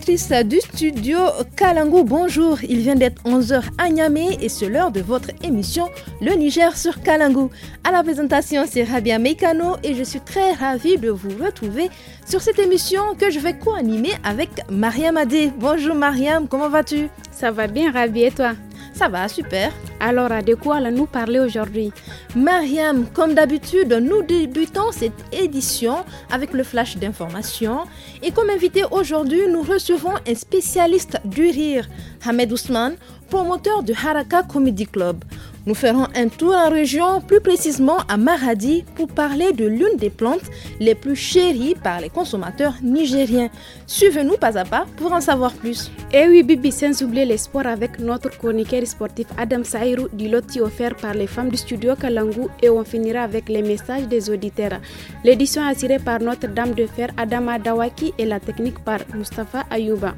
directrice du studio Kalango, bonjour. Il vient d'être 11h à Niamey et c'est l'heure de votre émission Le Niger sur Kalango. À la présentation, c'est Rabia Meikano et je suis très ravie de vous retrouver sur cette émission que je vais co-animer avec Mariam Adé. Bonjour Mariam, comment vas-tu Ça va bien Rabia et toi ça va, super. Alors, de quoi allons-nous parler aujourd'hui Mariam, comme d'habitude, nous débutons cette édition avec le flash d'information. Et comme invité aujourd'hui, nous recevons un spécialiste du rire, Hamed Ousmane, promoteur du Haraka Comedy Club. Nous ferons un tour en région, plus précisément à Maradi, pour parler de l'une des plantes les plus chéries par les consommateurs nigériens. Suivez-nous pas à pas pour en savoir plus. Et eh oui, Bibi, sans oublier les sports avec notre chroniqueur sportif Adam Saïrou du loti offert par les femmes du studio Kalangu et on finira avec les messages des auditeurs. L'édition assurée par notre dame de fer Adama Dawaki et la technique par Mustafa Ayouba.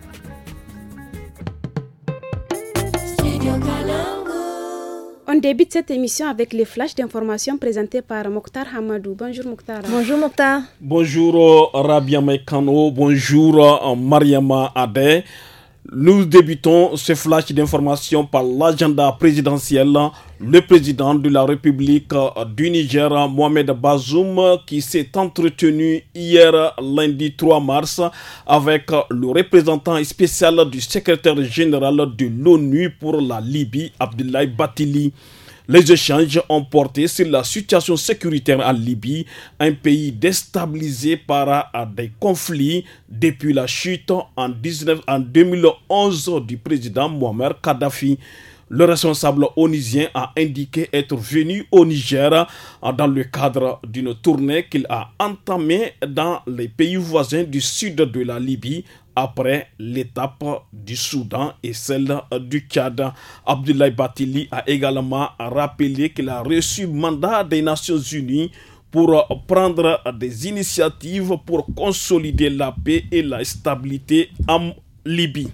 On débute cette émission avec les flashs d'informations présentés par Mokhtar Hamadou. Bonjour Mokhtar. Bonjour Mokhtar. Bonjour euh, Rabia Mekano. Bonjour euh, Mariama Adé. Nous débutons ce flash d'information par l'agenda présidentiel. Le président de la République euh, du Niger, Mohamed Bazoum, qui s'est entretenu hier lundi 3 mars avec euh, le représentant spécial du secrétaire général de l'ONU pour la Libye, Abdoulaye Batili. Les échanges ont porté sur la situation sécuritaire en Libye, un pays déstabilisé par des conflits depuis la chute en, 2011 du président Mohamed Kadhafi. Le responsable onisien a indiqué être venu au Niger euh, dans le cadre d'une tournée qu'il a entamée dans les pays voisins du sud de la Libye après l'étape du Soudan et celle euh, du Tchad. Abdoulaye Batili a également rappelé qu'il a reçu mandat des Nations Unies pour euh, prendre des initiatives pour consolider la paix et la stabilité en Libye.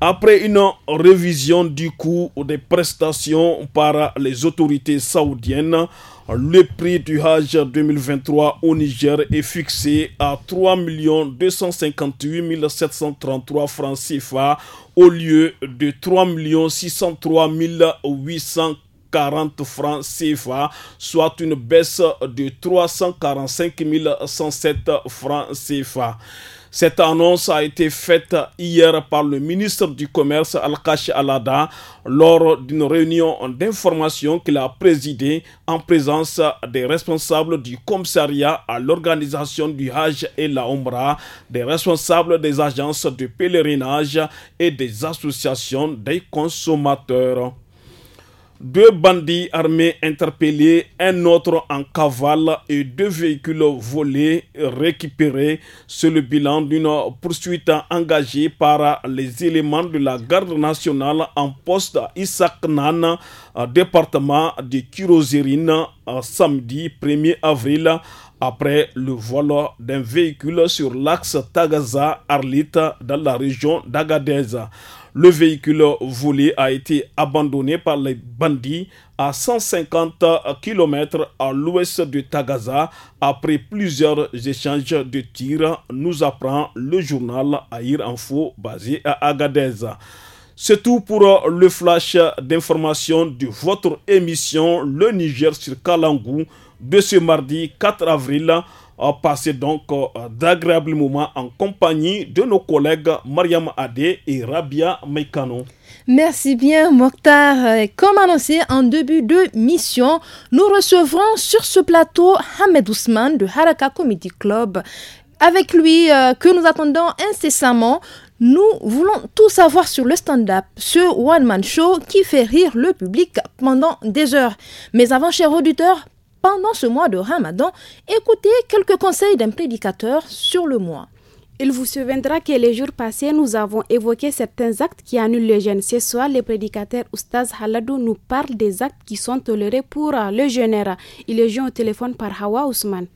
Après une révision du coût des prestations par les autorités saoudiennes, le prix du Hajj 2023 au Niger est fixé à 3 258 733 francs CFA au lieu de 3 603 840 francs CFA, soit une baisse de 345 107 francs CFA. Cette annonce a été faite hier par le ministre du Commerce Al-Kash Alada lors d'une réunion d'information qu'il a présidée en présence des responsables du commissariat à l'organisation du Hajj et la Ombra, des responsables des agences de pèlerinage et des associations des consommateurs deux bandits armés interpellés, un autre en cavale et deux véhicules volés récupérés. sur le bilan d'une poursuite engagée par les éléments de la garde nationale en poste à Issaknan, département de Kirozirine, samedi 1er avril après le vol d'un véhicule sur l'axe Tagaza-Arlit dans la région d'Agadeza. Le véhicule volé a été abandonné par les bandits à 150 km à l'ouest de Tagaza après plusieurs échanges de tirs, nous apprend le journal Aïr Info basé à Agadez. C'est tout pour le flash d'information de votre émission Le Niger sur Kalangou de ce mardi 4 avril passer donc euh, d'agréables moments en compagnie de nos collègues Mariam Adé et Rabia Meikano. Merci bien, Mokhtar. Comme annoncé en début de mission, nous recevrons sur ce plateau Hamed Ousmane de Haraka Comedy Club. Avec lui, euh, que nous attendons incessamment, nous voulons tout savoir sur le stand-up, ce one-man show qui fait rire le public pendant des heures. Mais avant, chers auditeurs, pendant ce mois de Ramadan, écoutez quelques conseils d'un prédicateur sur le mois. Il vous souviendra que les jours passés, nous avons évoqué certains actes qui annulent le jeûne. Ce soir, le prédicateur Oustaz Haladou nous parle des actes qui sont tolérés pour euh, le général. Il est joué au téléphone par Hawa Ousmane.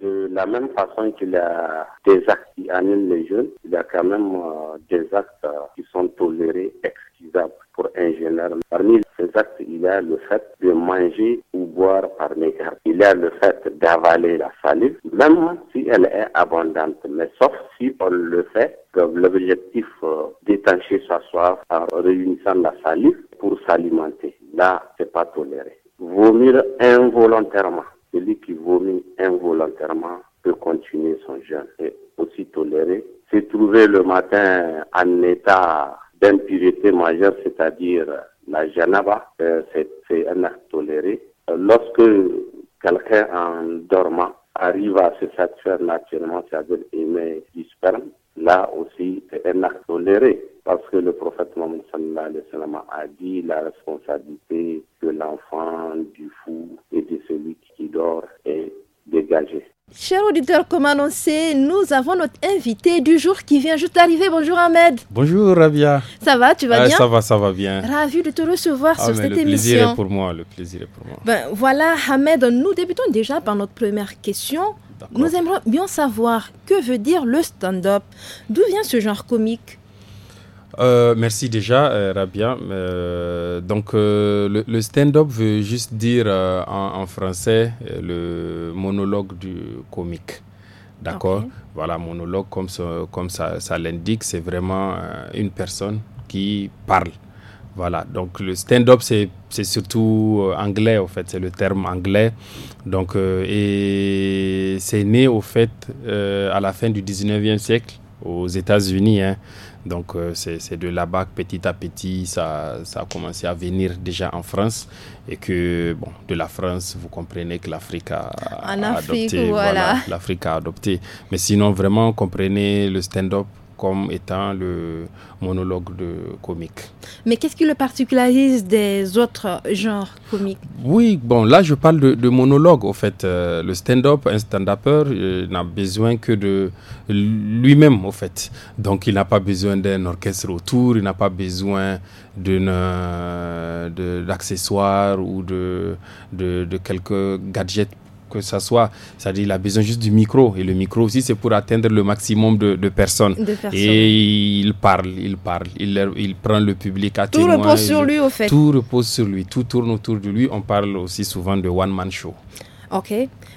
De la même façon qu'il y a des actes qui annulent le jeûne, il y a quand même euh, des actes euh, qui sont tolérés, excusables pour un Parmi ces actes, il y a le fait de manger ou boire par négatif. Il y a le fait d'avaler la salive, même si elle est abondante, mais sauf si on le fait l'objectif euh, d'étancher sa soif en réunissant la salive pour s'alimenter. Là, c'est pas toléré. Vomir involontairement. Celui qui vomit involontairement peut continuer son jeûne. C'est aussi toléré. Se trouver le matin en état d'impurité majeure, c'est-à-dire euh, la janaba, euh, c'est un acte toléré. Euh, lorsque quelqu'un en dormant arrive à se satisfaire naturellement, c'est-à-dire aimer du sperme, là aussi c'est un acte toléré. Parce que le prophète Mohammed a dit la responsabilité de l'enfant, du fou et de celui qui dort est dégagée. Chers auditeurs, comme annoncé, nous avons notre invité du jour qui vient juste d'arriver. Bonjour Ahmed. Bonjour Rabia. Ça va, tu vas bien Ça va, ça va bien. Ravi de te recevoir ah, sur cette émission. Le plaisir est pour moi, le plaisir est pour moi. Ben, voilà Ahmed, nous débutons déjà par notre première question. Nous aimerions bien savoir que veut dire le stand-up. D'où vient ce genre comique euh, merci déjà, euh, Rabia. Euh, donc, le, stand-up veut juste dire en, français le monologue du comique. D'accord Voilà, monologue, comme, comme ça, ça l'indique, c'est vraiment une personne qui parle. Voilà, donc le stand-up, c'est surtout anglais, en fait, c'est le terme anglais. Donc, et c'est né, au fait, à la fin du 19e siècle, aux États-Unis. Hein. Donc euh, c'est de là-bas que petit à petit ça, ça, a commencé à venir déjà en France et que bon de la France vous comprenez que l'Afrique a, adopté, l'Afrique a adopté. Mais sinon vraiment comprenez le stand-up comme étant le monologue de comique. Mais qu'est-ce qui le particularise des autres genres comiques Oui, bon, là je parle de, monologue au fait. Euh, le stand-up, un stand-upper n'a besoin que de lui-même au fait. Donc il n'a pas besoin d'un orchestre autour, il n'a pas besoin d'une euh, d'accessoires ou de, de, de quelques gadgets que ça soit, c'est-à-dire il a besoin juste du micro. Et le micro aussi, c'est pour atteindre le maximum de, personnes. Et il parle, il parle, il, prend le public à tout Tout repose sur lui, au fait. Tout repose sur lui, tout tourne autour de lui. On parle aussi souvent de one-man show. Ok.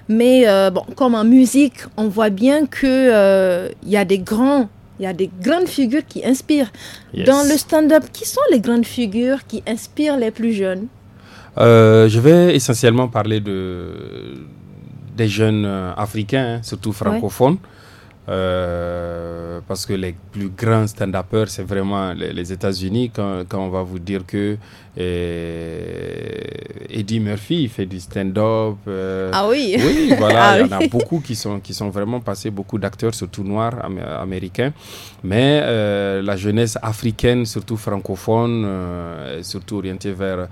Mais euh, bon, comme en musique, on voit bien qu'il euh, il y a des grands il y a des grandes figures qui inspirent. Dans le stand-up, qui sont les grandes figures qui inspirent les plus jeunes euh, Je vais essentiellement parler de, des jeunes euh, africains, hein, surtout francophones. Euh, parce que les plus grands stand upers c'est vraiment les, les États-Unis. Quand, quand, on va vous dire que et euh, Eddie Murphy, il fait du stand-up. Euh, ah oui Oui, voilà, ah il y en a beaucoup qui sont, qui sont vraiment passés, beaucoup d'acteurs, surtout noirs américains. Mais euh, la jeunesse africaine, surtout francophone, surtout orientée vers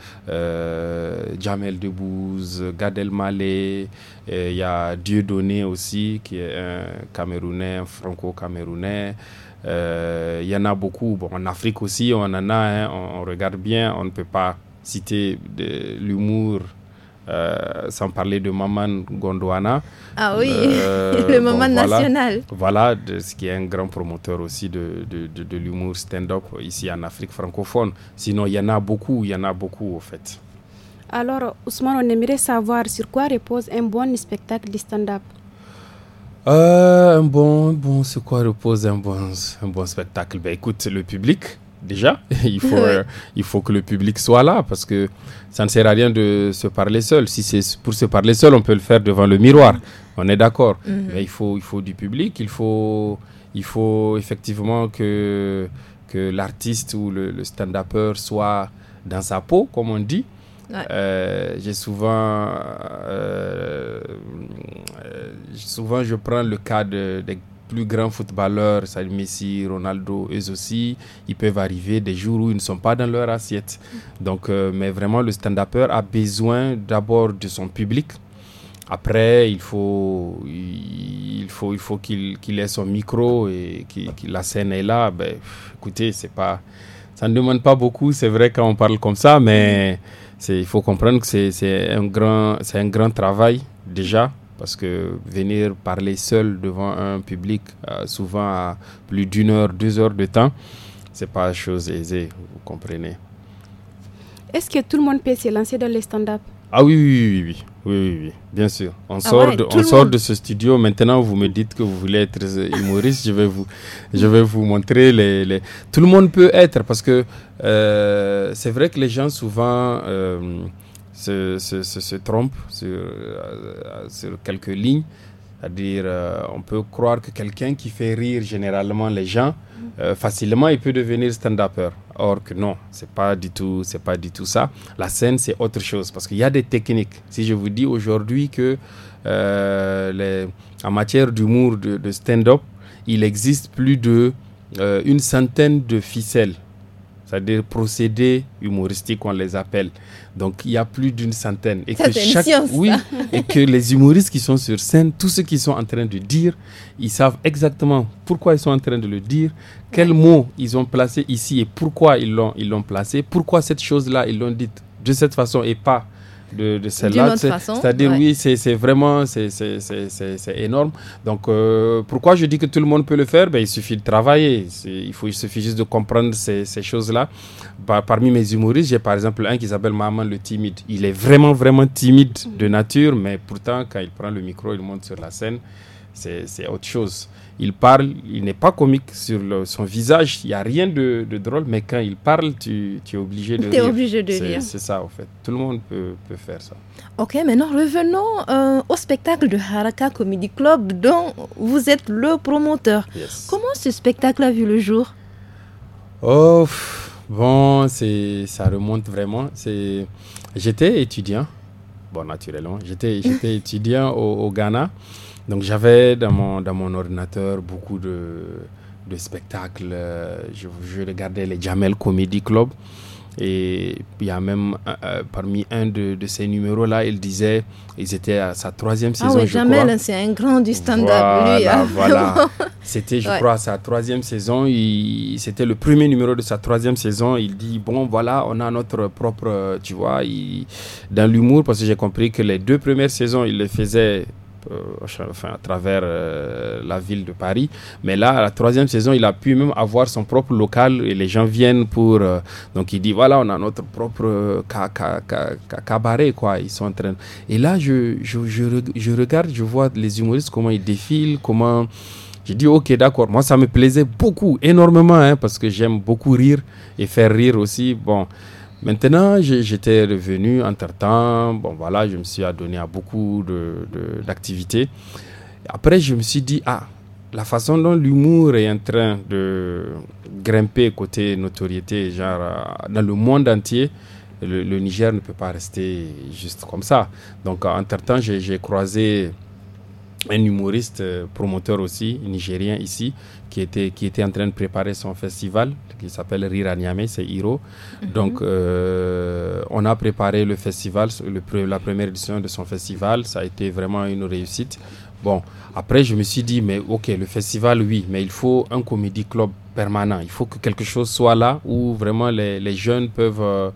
Jamel Debbouze, Gad Elmaleh, il y a Dieudonné aussi, qui est un Camerounais, un franco-camerounais. Il euh, y en a beaucoup. Bon, en Afrique aussi, on en a. Hein. on, regarde bien. On ne peut pas citer de l'humour euh, sans parler de Maman Gondwana. Ah oui, euh, le Maman national. Voilà, de, ce qui est un grand promoteur aussi de, de l'humour stand-up ici en Afrique francophone. Sinon, il y en a beaucoup, il y en a beaucoup au fait. Alors, Ousmane, on aimerait savoir sur quoi repose un bon spectacle de stand-up. Euh, un bon, bon, c'est quoi repose un bon, un bon spectacle ben, Écoute, le public, déjà, il faut, euh, il faut que le public soit là parce que ça ne sert à rien de se parler seul. Si c'est pour se parler seul, on peut le faire devant le miroir. On est d'accord. Mhm. Mais il faut, il faut du public, il faut, il faut effectivement que, que l'artiste ou le, le stand-upper soit dans sa peau, comme on dit. Euh, j'ai souvent, euh, euh, souvent, je prends le cas de, des plus grands footballeurs, Messi, Ronaldo, eux aussi, ils peuvent arriver des jours où ils ne sont pas dans leur assiette. Mm. Donc, mais vraiment, le stand-upper a besoin d'abord de son public. Après, il faut, il faut, il faut qu'il ait son micro et que la scène est là. Ben, écoutez, c'est pas, ça ne demande pas beaucoup. C'est vrai quand on parle comme ça, mais mm il faut comprendre que c'est un, grand, un grand travail déjà, parce que venir parler seul devant un public, euh, souvent à plus d'une heure, deux heures de temps, c'est pas chose aisée, vous comprenez. Est-ce que tout le monde peut se lancer dans les stand-up ah oui, oui, oui, oui, oui, bien sûr. On, ah sort, de, on sort de ce studio. Maintenant, vous me dites que vous voulez être humoriste. je, vais vous, je vais vous montrer les, Tout le monde peut être parce que euh, c'est vrai que les gens souvent euh, se, trompent euh, sur, quelques lignes. C'est-à-dire, on peut croire que quelqu'un qui fait rire généralement les gens, facilement, il peut devenir stand-upper. Or que non, c'est pas du tout, c'est pas du tout ça. La scène, c'est autre chose parce qu'il y a des techniques. Si je vous dis aujourd'hui que euh, les, en matière d'humour de, stand-up, il existe plus de euh, une centaine de ficelles, c'est-à-dire procédés humoristiques, on les appelle. Donc il y a plus d'une centaine. Et que chaque, oui, et que les humoristes qui sont sur scène, tous ceux qui sont en train de dire, ils savent exactement pourquoi ils sont en train de le dire, quels mots ils ont placés ici et pourquoi ils l'ont, ils l'ont placé, pourquoi cette chose-là, ils l'ont dite de cette façon et pas de, celle-là. C'est-à-dire, oui, c'est vraiment c'est énorme. Donc, euh, pourquoi je dis que tout le monde peut le faire ben, Il suffit de travailler. Il, faut, il suffit juste de comprendre ces, choses-là. Bah, parmi mes humoristes, j'ai par exemple un qui s'appelle Maman le timide. Il est vraiment, vraiment timide de nature, mais pourtant, quand il prend le micro, il monte sur la scène, c'est autre chose il parle, il n'est pas comique sur son visage, il n'y a rien de, drôle, mais quand il parle, tu, es obligé de es obligé de rire. C'est ça, en fait. Tout le monde peut, faire ça. Ok, maintenant revenons euh, au spectacle de Haraka Comedy Club dont vous êtes le promoteur. Comment ce spectacle a vu le jour Oh, bon, ça remonte vraiment. J'étais étudiant, bon, naturellement, j'étais étudiant au Ghana. Donc j'avais dans mon, dans mon ordinateur beaucoup de, de spectacles. Euh, je, regardais les Jamel Comedy Club. Et il y a même euh, euh, parmi un de, de ces numéros-là, il disait, ils étaient à sa troisième ah saison. Ah oui, Jamel, c'est un grand du stand-up, voilà, lui. Voilà. Hein, c'était, je crois, sa troisième saison. c'était le premier numéro de sa troisième saison. Il dit, bon, voilà, on a notre propre, tu vois, dans l'humour, parce que j'ai compris que les deux premières saisons, il les faisait euh, enfin, à travers euh, la ville de Paris. Mais là, la troisième saison, il a pu même avoir son propre local et les gens viennent pour. Euh, donc il dit voilà, on a notre propre ca, cabaret, quoi. Ils sont en train. Et là, je, je, je, regarde, je vois les humoristes, comment ils défilent, comment. je dis ok, d'accord. Moi, ça me plaisait beaucoup, énormément, hein, parce que j'aime beaucoup rire et faire rire aussi. Bon, Maintenant, j'étais revenu entre-temps. Bon, voilà, je me suis adonné à beaucoup d'activités. De, Après, je me suis dit, ah, la façon dont l'humour est en train de grimper côté notoriété, genre euh, dans le monde entier, le, le Niger ne peut pas rester juste comme ça. Donc, euh, entre-temps, j'ai croisé un humoriste euh, promoteur aussi, nigérien ici, qui était, qui était en train de préparer son festival, qui s'appelle Riraniame, c'est Hiro. Mhm. Donc, euh, on a préparé le festival, le, la première édition de son festival, ça a été vraiment une réussite. Bon, après, je me suis dit, mais ok, le festival, oui, mais il faut un comédie club permanent. Il faut que quelque chose soit là où vraiment les, les jeunes peuvent... Euh,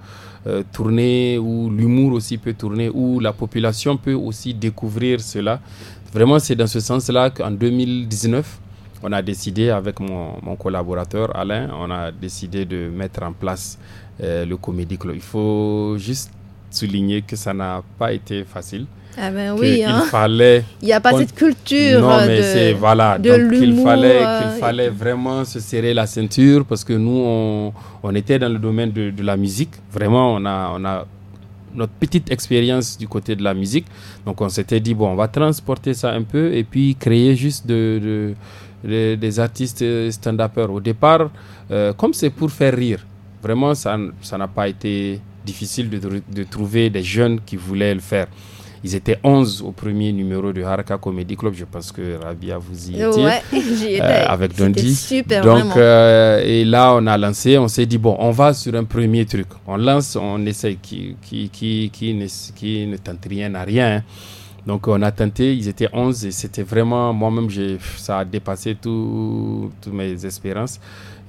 tourner, où l'humour aussi peut tourner, où la population peut aussi découvrir cela. Vraiment, c'est dans ce sens-là qu'en 2019, on a décidé avec mon, collaborateur Alain, on a décidé de mettre en place euh, le Comédie Il faut juste souligner que ça n'a pas été facile. Ah ben oui, il hein. fallait. Il n'y a pas cette culture. Non, mais c'est voilà. donc il fallait, euh, fallait vraiment se serrer la ceinture parce que nous on, était dans le domaine de, la musique. Vraiment, on a on a notre petite expérience du côté de la musique. Donc on s'était dit, bon, on va transporter ça un peu et puis créer juste des artistes euh, stand-uppers. Au départ, euh, comme c'est pour faire rire, vraiment, ça n'a pas été difficile de, trouver des jeunes qui voulaient le faire. Ils étaient 11 au premier numéro du Haraka Comedy Club. Je pense que Rabia vous y étiez. Ouais, j'y étais. Euh, avec Dondi. Super, Donc, euh, et là, on a lancé, on s'est dit, bon, on va sur un premier truc. On lance, on essaye. Qui, qui, qui, qui, ne, qui ne tente rien à rien. Hein. Donc on a tenté, ils étaient 11 et c'était vraiment, moi-même, ça a dépassé toutes mes espérances.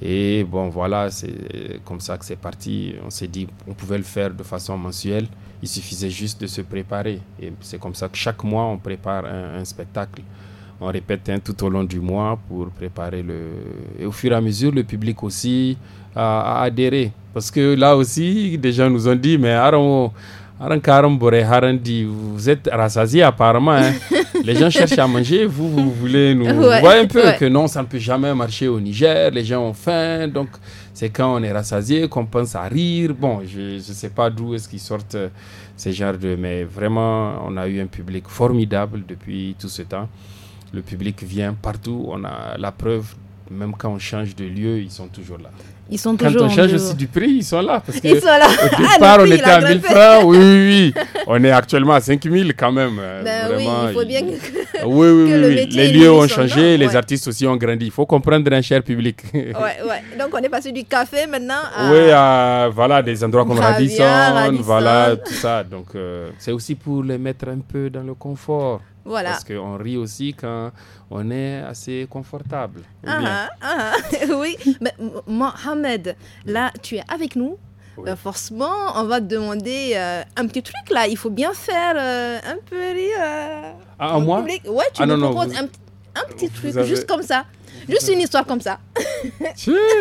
Et bon, voilà, c'est euh, comme ça que c'est parti. On s'est dit on pouvait le faire de façon mensuelle. Il suffisait juste de se préparer. Et c'est comme ça que chaque mois, on prépare un, spectacle. On répète un tout au long du mois pour préparer le. Et au fur et à mesure, le public aussi a, adhéré. Parce que là aussi, des gens nous ont dit mais alors Aran Karam Haran dit, vous êtes rassasié apparemment. Hein. les gens cherchent à manger, vous, vous voulez nous... voir un peu que non, ça ne peut jamais marcher au Niger, les gens ont faim, donc c'est quand on est rassasié qu'on pense à rire. Bon, je ne sais pas d'où est-ce qu'ils sortent euh, ces genres de... Mais vraiment, on a eu un public formidable depuis tout ce temps. Le public vient partout, on a la preuve, même quand on change de lieu, ils sont toujours là. Ils sont Quand toujours. Quand on change aussi du prix, ils sont là. Parce que ils sont là. Au ah, départ, on était à 1000 francs. Oui, oui, oui. On est actuellement à 5000 quand même. Euh, ben oui, il faut bien que. Ah, oui, oui, oui. les lieux ont changé, les artistes aussi ont grandi. Il faut comprendre un publique. ouais, ouais. Donc on est passé du café maintenant à. Oui, à, voilà, des endroits comme Radisson, voilà, tout ça. Donc euh, c'est aussi pour les mettre un peu dans le confort. Voilà. Parce qu'on rit aussi quand on est assez confortable. Ah, ah, ah. oui, mais Mohamed, là, tu es avec nous. Euh, forcément, on va te demander euh, un petit truc là. Il faut bien faire euh, un peu rire. ah, moi tu un, petit truc, juste comme ça. Juste une histoire comme ça.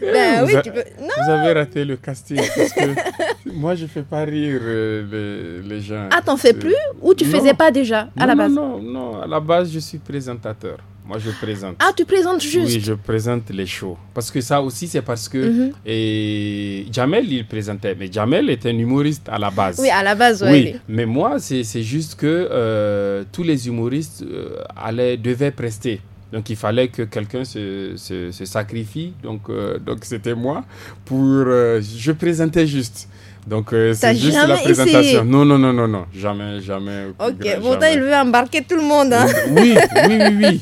Ben oui, tu peux... vous avez raté le casting. Parce que moi, je ne fais pas rire euh, les, gens. Ah, t'en fais plus Ou tu ne faisais pas déjà à non, la base non, non, non. À la base, je suis présentateur. Moi, je présente. Ah, tu présentes juste Oui, je présente les shows. Parce que ça aussi, c'est parce que. Mhm. et Jamel, il présentait. Mais Jamel était un humoriste à la base. Oui, à la base, oui. Mais moi, c'est juste que euh, tous les humoristes euh, allaient, devaient prester. Donc il fallait que quelqu'un se, sacrifie. Donc euh, donc c'était moi pour euh, je présentais juste. Donc euh, c'est juste la présentation. Non non non non non jamais jamais. Ok pourtant il veut embarquer tout le monde. Hein. Oui, oui oui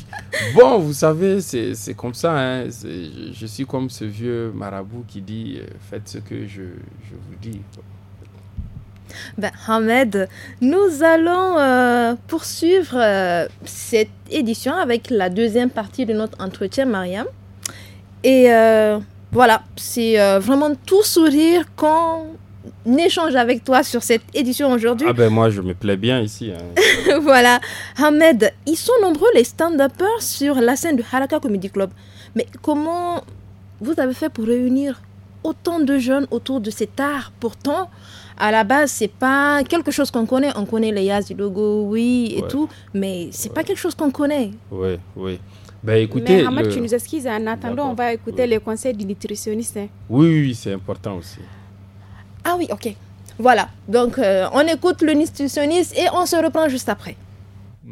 bon vous savez c'est comme ça. Hein. Je, suis comme ce vieux marabout qui dit faites ce que je vous dis. Ben, Ahmed, nous allons euh, poursuivre euh, cette édition avec la deuxième partie de notre entretien, Mariam. Et euh, voilà, c'est vraiment tout sourire quand on échange avec toi sur cette édition aujourd'hui. Ah ben moi, je me plais bien ici. Hein. voilà, Ahmed, ils sont nombreux les stand-uppers sur la scène du Haraka Comedy Club. Mais comment vous avez fait pour réunir autant de jeunes autour de cet art pourtant à la base, c'est pas quelque chose qu'on connaît. On connaît les yazidogos, du logo, oui, et tout, mais c'est pas quelque chose qu'on connaît. Oui, oui. Ben, écoutez, mais Hamad, tu nous excuses. Hein. En attendant, on va écouter les conseils du nutritionniste. Hein. Oui, oui, c'est important aussi. Ah oui, ok. Voilà. Donc, euh, on écoute le nutritionniste et on se reprend juste après.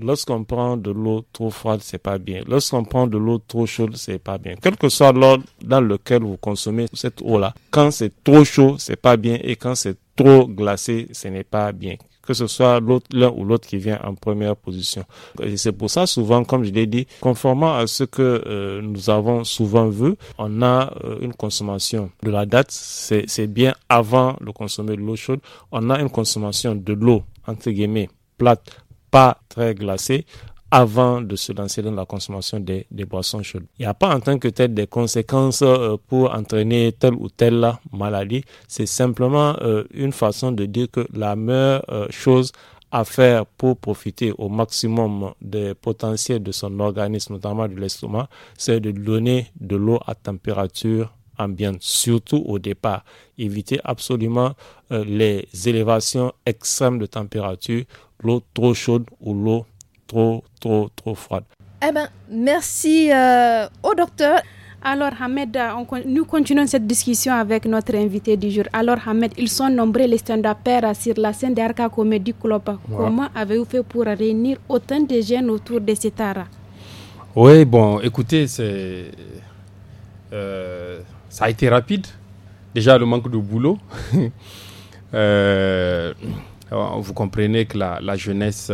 Lorsqu'on prend de l'eau trop froide, c'est pas bien. Lorsqu'on prend de l'eau trop chaude, c'est pas bien. Quel que soit l'ordre dans lequel vous consommez cette eau-là, quand c'est trop chaud, c'est pas bien et quand c'est trop glacé, ce n'est pas bien. Que ce soit l'autre, l'un ou l'autre qui vient en première position. Et c'est pour ça, souvent, comme je l'ai dit, conformément à ce que euh, nous avons souvent vu, on a euh, une consommation de la date, c'est bien avant de consommer de l'eau chaude. On a une consommation de l'eau, entre guillemets, plate, pas très glacée, avant de se lancer dans la consommation des, des boissons chaudes. Il n'y a pas en tant que tel des conséquences euh, pour entraîner telle ou telle maladie. C'est simplement euh, une façon de dire que la meilleure euh, chose à faire pour profiter au maximum des potentiels de son organisme, notamment de l'estomac, c'est de donner de l'eau à température ambiante, surtout au départ. Éviter absolument les élévations extrêmes de température, l'eau trop chaude ou l'eau trop, trop, trop froide. Eh ben, merci euh, au docteur. Alors Hamed, euh, nous continuons cette discussion avec notre invité du jour. Alors Hamed, ils sont nombreux les stand à euh, sur la scène d'Arca Comédie Club. Comment avez-vous fait pour réunir autant de jeunes autour de cet art Oui, bon, écoutez, ça a été rapide. Déjà le manque de boulot. vous comprenez que la, jeunesse...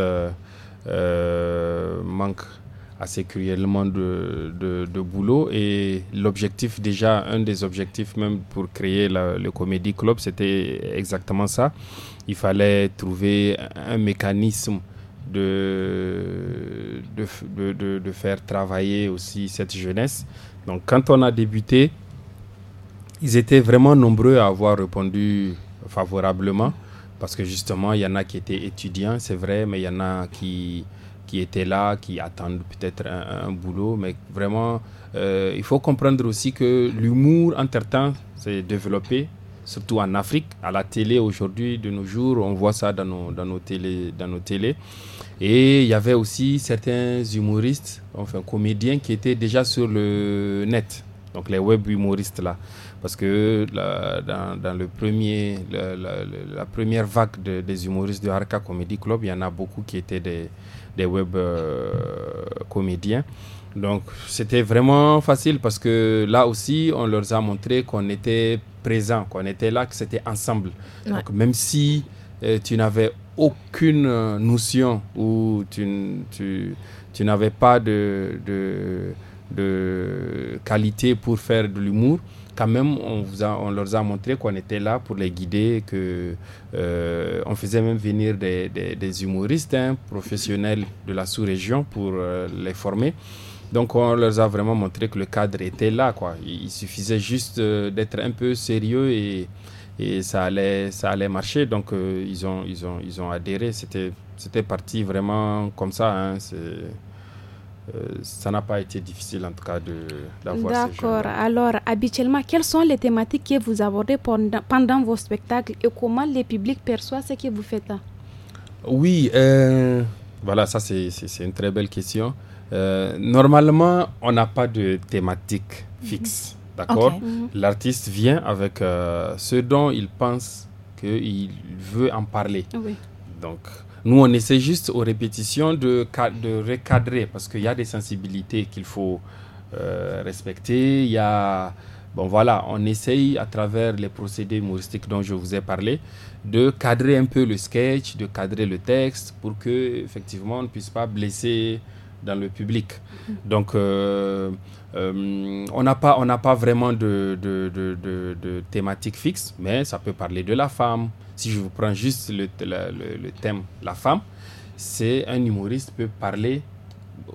Euh, manque assez cruellement de, de, boulot. Et l'objectif, déjà, un des objectifs même pour créer le Comedy Club, c'était exactement ça. Il fallait trouver un mécanisme de, de, faire travailler aussi cette jeunesse. Donc quand on a débuté, ils étaient vraiment nombreux à avoir répondu favorablement. Parce que justement, il y en a qui étaient étudiants, c'est vrai, mais il y en a qui, qui étaient là, qui attendent peut-être un, boulot. Mais vraiment, euh, il faut comprendre aussi que l'humour, entre-temps, s'est développé, surtout en Afrique. À la télé, aujourd'hui, de nos jours, on voit ça dans nos, télés. Dans nos télés. Et il y avait aussi certains humoristes, enfin comédiens, qui étaient déjà sur le net, donc les web humoristes là. Parce que dans, le premier, la, première vague des humoristes de Arca Comedy Club, il y en a beaucoup qui étaient des, web euh, comédiens. Donc c'était vraiment facile parce que là aussi, on leur a montré qu'on était présent, qu'on était là, que c'était ensemble. Donc même si euh, tu n'avais aucune euh, notion ou tu, tu, tu n'avais pas de, de, de, qualité pour faire de l'humour, quand même, on, vous a, on leur a montré qu'on était là pour les guider, que euh, on faisait même venir des, humoristes hein, professionnels de la sous-région pour euh, les former. Donc on leur a vraiment montré que le cadre était là. Quoi. Il suffisait juste euh, d'être un peu sérieux et, ça, allait, ça allait marcher. Donc ils, ont, ils, ont, ils ont adhéré. C'était parti vraiment comme ça. Hein. Euh, ça n'a pas été difficile en tout cas d'avoir D'accord. Alors, habituellement, quelles sont les thématiques que vous abordez pendant, pendant vos spectacles et comment le public perçoit ce que vous faites Oui, euh, voilà, ça c'est une très belle question. Euh, normalement, on n'a pas de thématique fixe. Mhm. D'accord mhm. L'artiste vient avec ce dont il pense qu'il veut en parler. Oui. Donc, nous, on essaie juste aux répétitions de, de recadrer parce qu'il y a des sensibilités qu'il faut euh, respecter. Il y Bon, voilà, on essaye à travers les procédés humoristiques dont je vous ai parlé de cadrer un peu le sketch, de cadrer le texte pour que, effectivement, on ne puisse pas blesser dans le public. Mm-hmm. Donc. Euh, euh, on n'a pas, pas vraiment de, de, de, thématique fixe, mais ça peut parler de la femme. Si je vous prends juste le, thème la femme, c'est un humoriste peut parler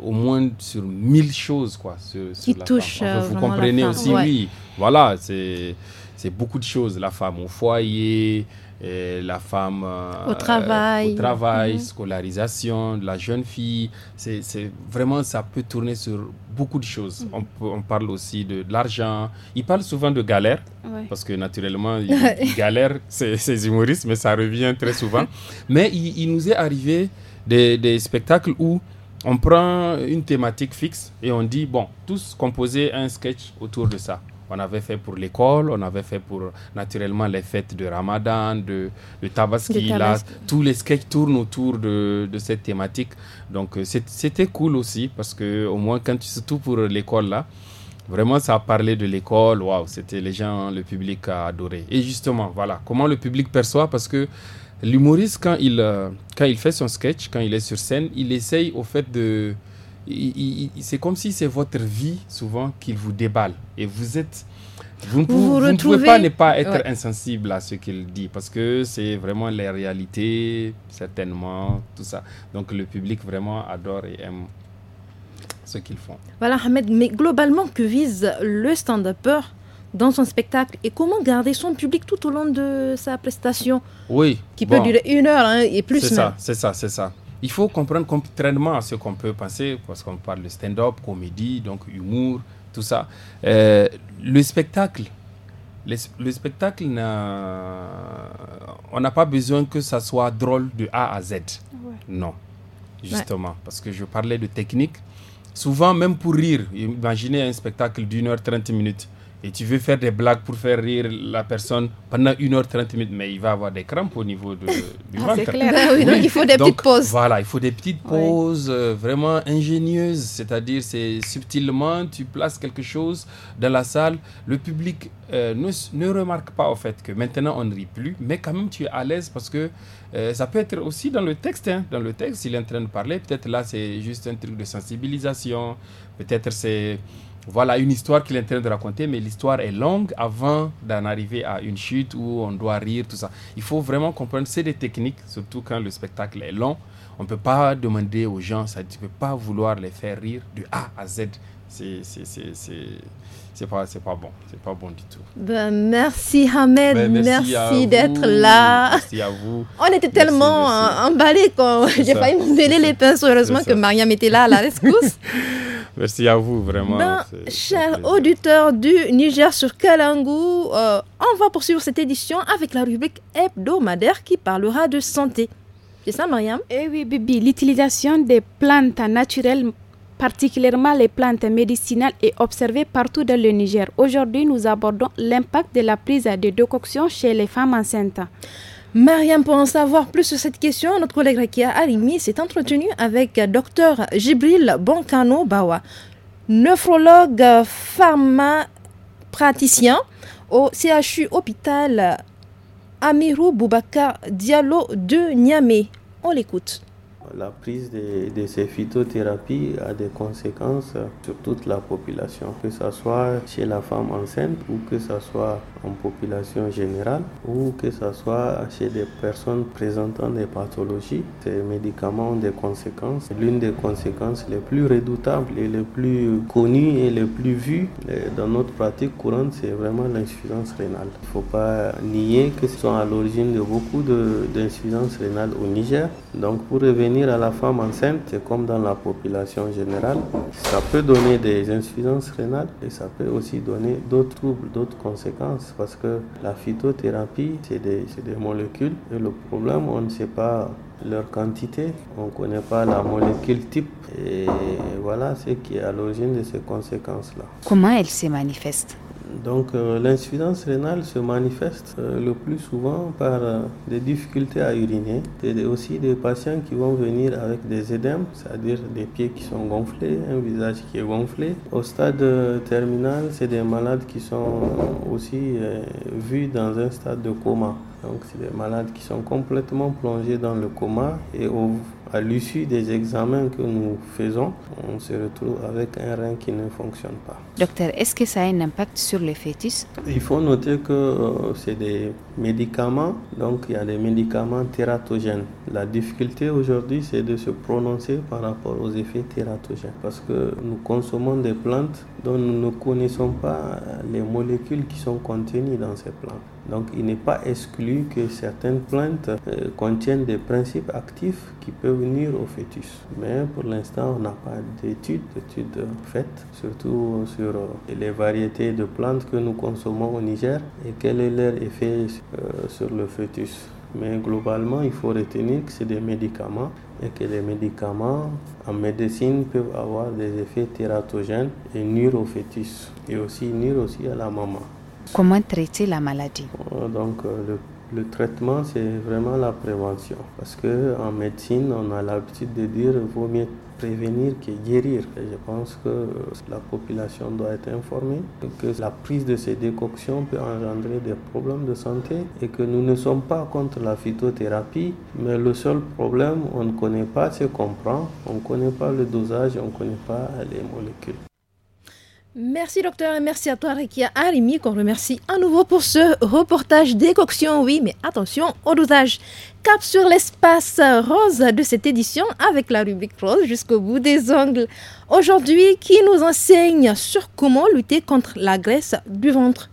au moins sur mille choses quoi, sur, qui touche. Euh, vous comprenez aussi, oui. Voilà, c'est c'est beaucoup de choses. La femme au foyer, euh, la femme euh, au travail, au travail mhm. scolarisation la jeune fille. C'est vraiment ça peut tourner sur beaucoup de choses. Mhm. On, parle aussi de, l'argent. il parle souvent de galère parce que naturellement galère c'est humoriste ces mais ça revient très souvent. mais il, nous est arrivé des, des spectacles où on prend une thématique fixe et on dit bon tous composer un sketch autour de ça. On avait fait pour l'école, on avait fait pour naturellement les fêtes de Ramadan, de, le Tabaski. Là, tous les sketchs tournent autour de, cette thématique. Donc euh, c'était cool aussi parce que au moins quand tu tout pour l'école là, vraiment ça a parlé de l'école. Waouh, c'était les gens, le public a adoré. Et justement, voilà comment le public perçoit parce que l'humoriste quand il euh, quand il fait son sketch, quand il est sur scène, il essaye au fait de c'est comme si c'est votre vie souvent qu'il vous déballe et vous êtes vous ne, pouvez, pas ne pas être insensible à ce qu'il dit parce que c'est vraiment les réalités certainement tout ça donc le public vraiment adore et aime ce qu'il font voilà Ahmed mais globalement que vise le stand-upper dans son spectacle et comment garder son public tout au long de sa prestation oui qui peut durer une heure hein, et plus c'est ça c'est ça c'est ça il faut comprendre contrairement à ce qu'on peut penser, parce qu'on parle de stand-up, comédie, donc humour, tout ça. Euh, le spectacle, le, spectacle, on n'a pas besoin que ça soit drôle de A à Z. Non, justement, parce que je parlais de technique. Souvent, même pour rire, imaginez un spectacle d'une heure, trente minutes et tu veux faire des blagues pour faire rire la personne pendant 1h30 minutes, mais il va avoir des crampes au niveau de, du ah, c'est Clair. Bah il faut des petites pauses. Voilà, il faut des petites pauses euh, vraiment ingénieuses, c'est-à-dire c'est subtilement, tu places quelque chose dans la salle, le public euh, ne, ne, remarque pas au fait que maintenant on ne rit plus, mais quand même tu es à l'aise parce que euh, ça peut être aussi dans le texte, hein, dans le texte, il est en train de parler, peut-être là c'est juste un truc de sensibilisation, peut-être c'est voilà une histoire qu'il est en train de raconter, mais l'histoire est longue avant d'en arriver à une chute où on doit rire, tout ça. Il faut vraiment comprendre, c'est des techniques, surtout quand le spectacle est long. On ne peut pas demander aux gens, ça, ne peut pas vouloir les faire rire de A à Z c'est pas, pas bon. C'est pas bon du tout. Ben, merci Ahmed, ben, merci, d'être là. Merci à vous. On était tellement emballés qu'on j'ai failli me mêler les pinces. Heureusement que Mariam était là à la rescousse. Merci à vous, vraiment. Ben, chers auditeurs du Niger sur Kalangu, euh, on va poursuivre cette édition avec la rubrique hebdomadaire qui parlera de santé. C'est ça, Mariam Eh oui, Bibi. L'utilisation des plantes naturelles particulièrement les plantes médicinales, et observées partout dans le Niger. Aujourd'hui, nous abordons l'impact de la prise de décoctions chez les femmes enceintes. Mariam, pour en savoir plus sur cette question, notre collègue Rakia Arimi s'est entretenu avec Dr Gibril Bonkano Bawa, nephrologue pharma-praticien au CHU Hôpital Amirou Boubacar Diallo de Niamey. On l'écoute. La prise de, ces phytothérapies a des conséquences sur toute la population, que ce soit chez la femme enceinte ou que ce soit en population générale ou que ce soit chez des personnes présentant des pathologies. Ces médicaments ont des conséquences. L'une des conséquences les plus redoutables et les plus connues et les plus vues dans notre pratique courante, c'est vraiment l'insuffisance rénale. Il ne faut pas nier que ce sont à l'origine de beaucoup d'insuffisances rénales au Niger. Donc pour revenir à la femme enceinte, comme dans la population générale, ça peut donner des insuffisances rénales et ça peut aussi donner d'autres troubles, d'autres conséquences, parce que la phytothérapie, c'est des, des molécules et le problème, on ne sait pas leur quantité. On ne connaît pas la molécule type. Et voilà ce qui est à l'origine de ces conséquences-là. Comment elles se manifestent donc euh, l'insuffisance rénale se manifeste euh, le plus souvent par euh, des difficultés à uriner et aussi des patients qui vont venir avec des édèmes, c'est-à-dire des pieds qui sont gonflés, un visage qui est gonflé. Au stade terminal, c'est des malades qui sont aussi vus dans un stade de coma. Donc c'est des malades qui sont complètement plongés dans le coma et au à l'issue des examens que nous faisons, on se retrouve avec un rein qui ne fonctionne pas. Docteur, est-ce que ça a un impact sur les fœtus Il faut noter que euh, c'est des médicaments, donc il y a des médicaments tératogènes. La difficulté aujourd'hui, c'est de se prononcer par rapport aux effets tératogènes, parce que nous consommons des plantes dont nous ne connaissons pas les molécules qui sont contenues dans ces plantes. Donc il n'est pas exclu que certaines plantes euh, contiennent des principes actifs qui peuvent nuire au fœtus. Mais pour l'instant, on n'a pas d'études, d'études faites, surtout sur euh, les variétés de plantes que nous consommons au Niger et quel est leur effet euh, sur le fœtus. Mais globalement, il faut retenir que c'est des médicaments et que les médicaments en médecine peuvent avoir des effets tératogènes et nuire au fœtus et aussi nuire aussi à la maman. Comment traiter la maladie euh, Donc, euh, le, traitement, c'est vraiment la prévention. Parce que en médecine, on a l'habitude de dire vaut mieux prévenir que guérir. Et je pense que euh, la population doit être informée que la prise de ces décoctions peut engendrer des problèmes de santé et que nous ne sommes pas contre la phytothérapie, mais le seul problème, on ne connaît pas ce qu'on prend, on ne connaît pas le dosage, on ne connaît pas les molécules. Merci docteur et merci à toi Rekia Arimi qu'on remercie à nouveau pour ce reportage décoction, oui, mais attention au dosage. Cap sur l'espace rose de cette édition avec la rubrique rose jusqu'au bout des ongles. Aujourd'hui, qui nous enseigne sur comment lutter contre la graisse du ventre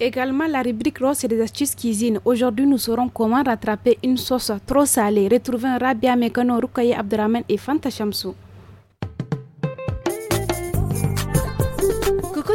Également, la rubrique rose et des astuces cuisine. Aujourd'hui, nous saurons comment rattraper une sauce trop salée. Retrouver un Rabia mécano, Rukaye et Fanta Shamsou.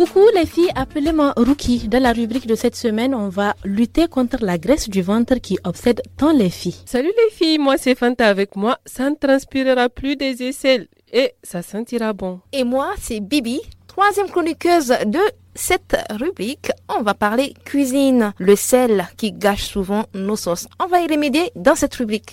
Coucou les filles, appelez-moi Rookie. Dans la rubrique de cette semaine, on va lutter contre la graisse du ventre qui obsède tant les filles. Salut les filles, moi c'est Fanta avec moi. Ça ne transpirera plus des aisselles et ça sentira bon. Et moi c'est Bibi, troisième chroniqueuse de cette rubrique, on va parler cuisine, le sel qui gâche souvent nos sauces. On va y remédier dans cette rubrique.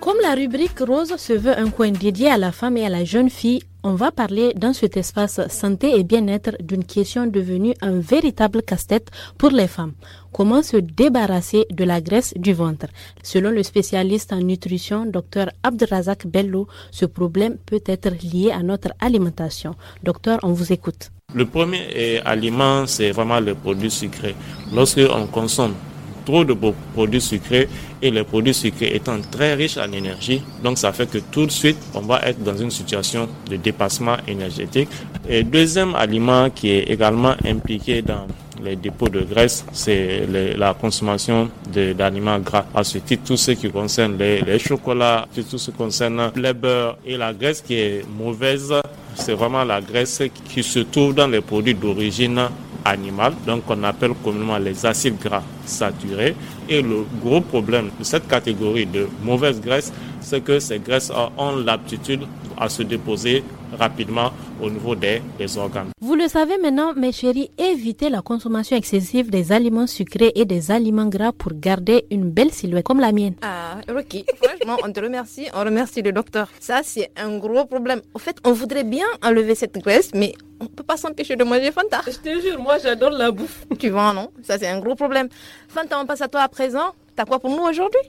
Comme la rubrique Rose se veut un coin dédié à la femme et à la jeune fille, on va parler dans cet espace santé et bien-être d'une question devenue un véritable casse-tête pour les femmes. Comment se débarrasser de la graisse du ventre Selon le spécialiste en nutrition, Dr Abdrazak Bello, ce problème peut être lié à notre alimentation. Docteur, on vous écoute. Le premier aliment, c'est vraiment le produit sucré. Lorsque on consomme trop de produits sucrés et les produits sucrés étant très riches en énergie, donc ça fait que tout de suite on va être dans une situation de dépassement énergétique. Et deuxième aliment qui est également impliqué dans les dépôts de graisse, c'est la consommation d'aliments gras. À ce titre, tout ce qui concerne les, les chocolats, tout ce qui concerne les beurre et la graisse qui est mauvaise, c'est vraiment la graisse qui se trouve dans les produits d'origine animal, donc on appelle communément les acides gras saturés. Et le gros problème de cette catégorie de mauvaise graisse, c'est que ces graisses ont l'aptitude à se déposer rapidement au niveau des, organes. Vous le savez maintenant, mes chéris, évitez la consommation excessive des aliments sucrés et des aliments gras pour garder une belle silhouette comme la mienne. Ah, Rocky, franchement, on te remercie, on remercie le docteur. Ça, c'est un gros problème. au fait, on voudrait bien enlever cette graisse, mais on peut pas s'empêcher de manger Fanta. Je te jure, moi, j'adore la bouffe. Tu vois, non Ça, c'est un gros problème. Fanta, on passe à toi à présent. T'as quoi pour nous aujourd'hui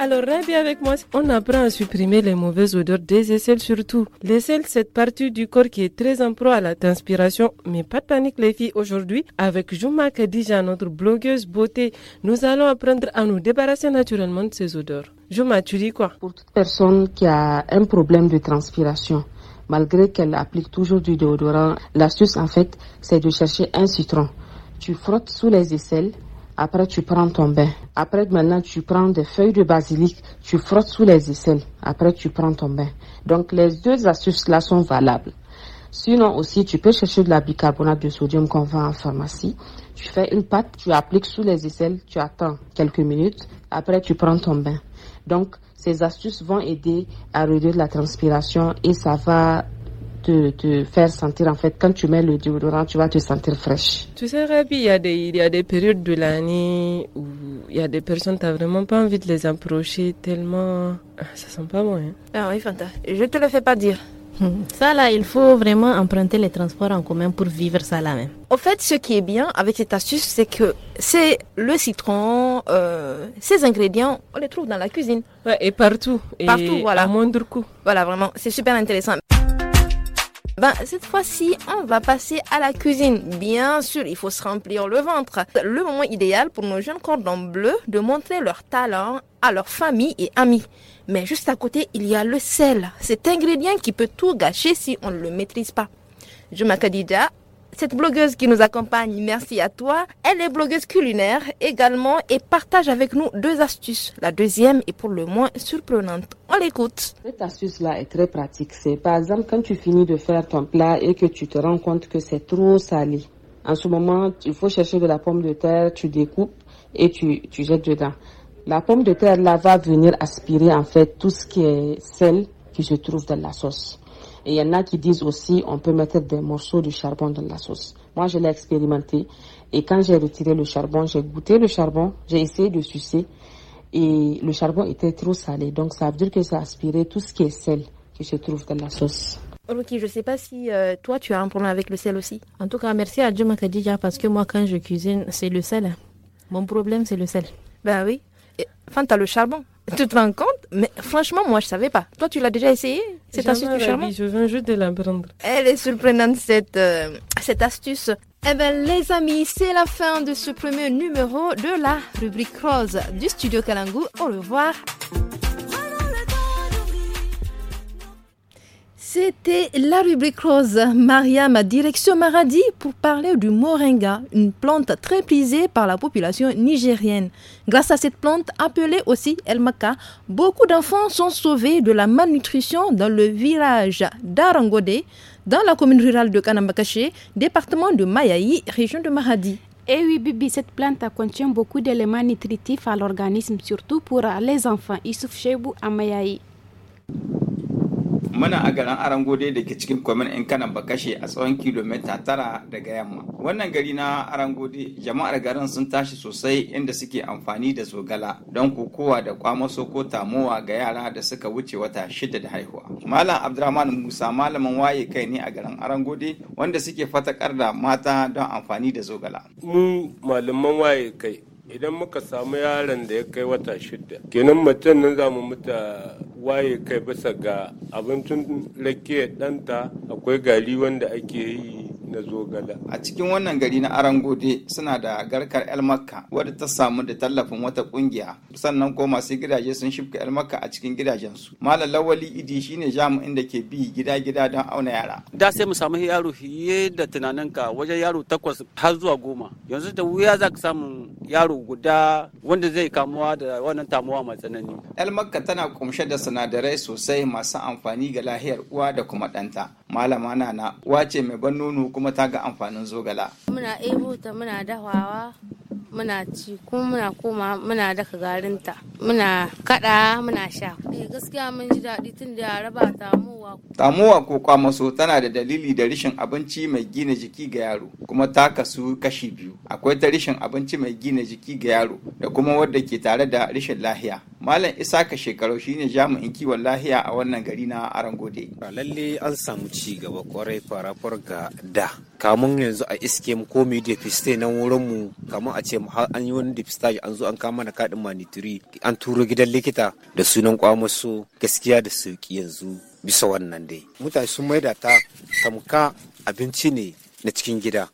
alors, Rémi, avec moi, on apprend à supprimer les mauvaises odeurs des aisselles surtout. L'aisselle, cette partie du corps qui est très en proie à la transpiration. Mais pas de panique, les filles. Aujourd'hui, avec Juma Kadija, notre blogueuse beauté, nous allons apprendre à nous débarrasser naturellement de ces odeurs. Juma, tu dis quoi Pour toute personne qui a un problème de transpiration, malgré qu'elle applique toujours du déodorant, l'astuce, en fait, c'est de chercher un citron. Tu frottes sous les aisselles après, tu prends ton bain. Après, maintenant, tu prends des feuilles de basilic, tu frottes sous les aisselles. Après, tu prends ton bain. Donc, les deux astuces-là sont valables. Sinon aussi, tu peux chercher de la bicarbonate de sodium qu'on vend en pharmacie. Tu fais une pâte, tu appliques sous les aisselles, tu attends quelques minutes. Après, tu prends ton bain. Donc, ces astuces vont aider à réduire la transpiration et ça va te, te, faire sentir, en fait, quand tu mets le déodorant, tu vas te sentir fraîche. Tu sais, il y, a des, y a des périodes de l'année où il y a des personnes, tu n'as vraiment pas envie de les approcher tellement. Ah, ça sent pas bon. Hein. Ah je te le fais pas dire. Hmm. Ça là, il faut vraiment emprunter les transports en commun pour vivre ça là même. Au fait, ce qui est bien avec cette astuce, c'est que c'est le citron, euh, ces ingrédients, on les trouve dans la cuisine. Ouais, et partout. Et partout, voilà. À moindre coût. Voilà, vraiment, c'est super intéressant. Ben, cette fois-ci, on va passer à la cuisine. Bien sûr, il faut se remplir le ventre. Le moment idéal pour nos jeunes cordons bleus de montrer leur talent à leur famille et amis. Mais juste à côté, il y a le sel, cet ingrédient qui peut tout gâcher si on ne le maîtrise pas. Je déjà. Cette blogueuse qui nous accompagne, merci à toi. Elle est blogueuse culinaire également et partage avec nous deux astuces. La deuxième est pour le moins surprenante. On l'écoute. Cette astuce-là est très pratique. C'est par exemple quand tu finis de faire ton plat et que tu te rends compte que c'est trop salé. En ce moment, il faut chercher de la pomme de terre, tu découpes et tu, jettes dedans. La pomme de terre là va venir aspirer en fait tout ce qui est sel qui se trouve dans la sauce. Et il y en a qui disent aussi on peut mettre des morceaux de charbon dans la sauce. Moi, je l'ai expérimenté. Et quand j'ai retiré le charbon, j'ai goûté le charbon, j'ai essayé de sucer. Et le charbon était trop salé. Donc, ça veut dire que ça aspiré tout ce qui est sel qui se trouve dans la sauce. Ok, je ne sais pas si euh, toi tu as un problème avec le sel aussi. En tout cas, merci à Dieu Makadija parce que moi quand je cuisine, c'est le sel. Mon problème c'est le sel. Ben oui. enfin, tu as le charbon. Tu te rends compte mais franchement, moi, je savais pas. Toi, tu l'as déjà essayé Cette astuce du charmant Je viens juste de l'apprendre. Elle est surprenante, cette, euh, cette astuce. Eh bien, les amis, c'est la fin de ce premier numéro de la rubrique rose du studio Kalangu. Au revoir. C'était la rubrique rose. Mariam, direction Maradi pour parler du moringa, une plante très prisée par la population nigérienne. Grâce à cette plante, appelée aussi elmaka, beaucoup d'enfants sont sauvés de la malnutrition dans le village d'Arangode, dans la commune rurale de Kanambakaché, département de Mayaï, région de Maradi. Et eh oui, Bibi, cette plante contient beaucoup d'éléments nutritifs à l'organisme, surtout pour les enfants. Issouf Chebou à Mayaï. muna a garin arangode da ke cikin kwamin in kanan kashe a tsawon kilomita tara daga yamma wannan gari na arangode jama'ar garin sun tashi sosai inda suke amfani da zogala don kokowa da kwamaso ko tamowa ga yara da suka wuce wata shida da haihuwa malam abdurrahman musa malamin waye kai ne a garin arangode wanda suke fatakar da mata don amfani da zogala mu malaman waye kai idan muka samu yaron da ya kai wata shida kenan mutum nan za mu muta waye kai bisa ga abincin rake danta. akwai gari wanda ake yi na zogala. A cikin wannan gari na Arangode suna da garkar El Makka wadda ta samu da tallafin wata kungiya sannan ko masu gidaje sun shifka El Makka a cikin gidajensu. Malam Lawali Idi shine jami'in da ke bi gida-gida don auna yara. Da sai mu samu yaro fiye da tunaninka wajen yaro takwas har zuwa goma. Yanzu da wuya za ka samu yaro guda wanda zai kamuwa da wannan tamuwa mai tsanani. El Makka tana kumshe da sinadarai sosai masu amfani ga lahiyar uwa da kuma ɗanta. Malama na uwa ce mai ban nono kuma ta ga amfanin zogala. Muna ebo ta muna dahawa muna ci kuma muna koma muna daka garinta muna kada muna sha eh gaskiya mun ji daɗi tun da raba tamowa tamowa ko kwamaso tana da dalili da rishin abinci mai gina jiki ga yaro kuma ta kasu kashi biyu akwai ta rishin abinci mai gina jiki ga yaro da kuma wadda ke tare da rishin lahiya malam isaka shekaru shine jami'in kiwon lahiya a wannan gari na arangode lalle an samu ci gaba kwarai farafar ga da kamun yanzu a iske mu ko mu nan wurin mu kamun a ce iske mu an yi wani depistage an zo an kama na kadin manituri an turo gidan likita da sunan kwamaso gaskiya da sauki yanzu bisa wannan dai mutane sun maida ta tamka abinci ne na cikin gida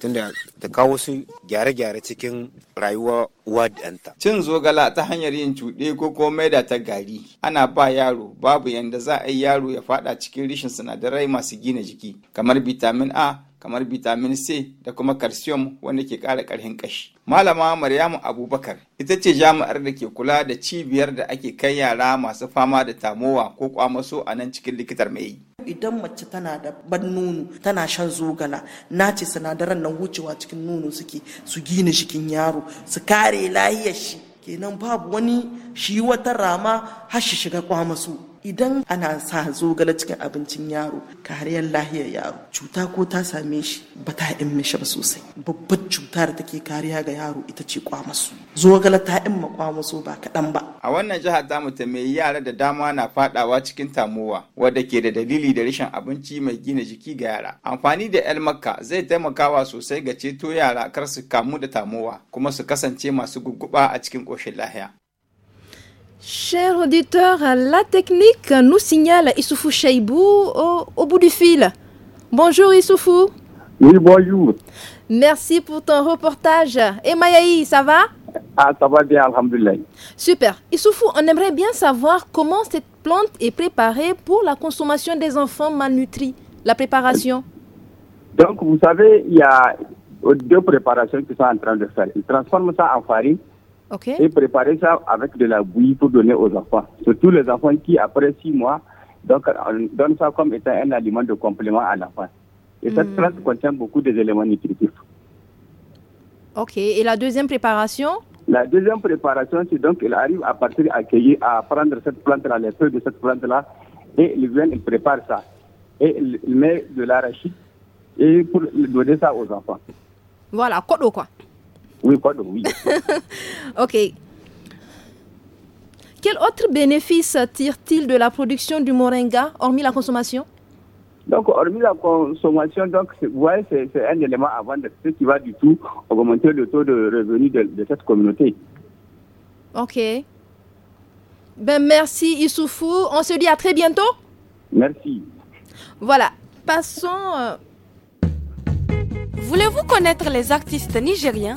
tunda ta kawo su gyare-gyare cikin rayuwa uwa 'yanta. Cin zogala ta hanyar yin cuɗe ko komai da ta gari ana ba yaro babu yanda za a yi yaro ya fada cikin rishin sinadarai masu gina jiki kamar vitamin A kamar vitamin C da kuma calcium wanda ke ƙara ƙarfin ƙashi. Malama Maryamu Abubakar ita ce jami'ar da ke kula da cibiyar da ake kai yara masu fama da tamowa ko kwamaso a nan cikin likitar mai. yi. Idan mace tana da ban nono tana shan zogala na ce sinadaran nan wucewa cikin nono suke su gina jikin yaro su kare lahiyar shi kenan babu wani shi wata rama har shi shiga kwamaso. idan ana sa zogale cikin abincin yaro kariyar lahiyar yaro cuta ko ta same shi ba ta in mishi ba sosai babbar cuta da take kariya ga yaro ita ce kwamasu zogale ta in ma kwamasu ba kaɗan ba a wannan jihar zamu ta mai yara da dama na fadawa cikin tamowa wadda ke da dalili da rashin abinci mai gina jiki ga yara amfani da el makka zai taimakawa sosai ga ceto yara kar su kamu da tamowa kuma su kasance masu gugguba a cikin ƙoshin lahiya Chers auditeurs, la technique nous signale Issoufou Cheibou au, bout du fil. Bonjour Issoufou. Oui, bonjour. Merci pour ton reportage. Et Mayaï, ça va Ah, ça va bien, alhamdulillah. Super. Issoufou, on aimerait bien savoir comment cette plante est préparée pour la consommation des enfants malnutris, la préparation. Donc, vous savez, il y a deux préparations qui sont en train de faire. Ils transforment ça en farine et préparer ça avec de la bouillie pour donner aux enfants. Surtout les enfants qui, après six mois, donc on ça comme étant un aliment de complément à l'enfant. Et cette hmm. plante contient beaucoup d'éléments nutritifs. Ok, et la deuxième préparation la deuxième préparation, c'est donc il arrive à partir à cueillir, à prendre cette plante-là, les feuilles de cette plante-là, et il vient, il prépare ça. Et il, met de l'arachide et pour donner ça aux enfants. Voilà, quoi quoi oui, pardon, oui. ok. Quel autre bénéfice tire-t-il de la production du moringa, hormis la consommation donc, hormis la consommation, donc, c'est un élément avant de ce qui va du tout augmenter le taux de revenu de, cette communauté. Ok. Ben, merci Issoufou. On se dit à très bientôt. Merci. Voilà. Passons. Euh, Voulez-vous connaître les artistes nigériens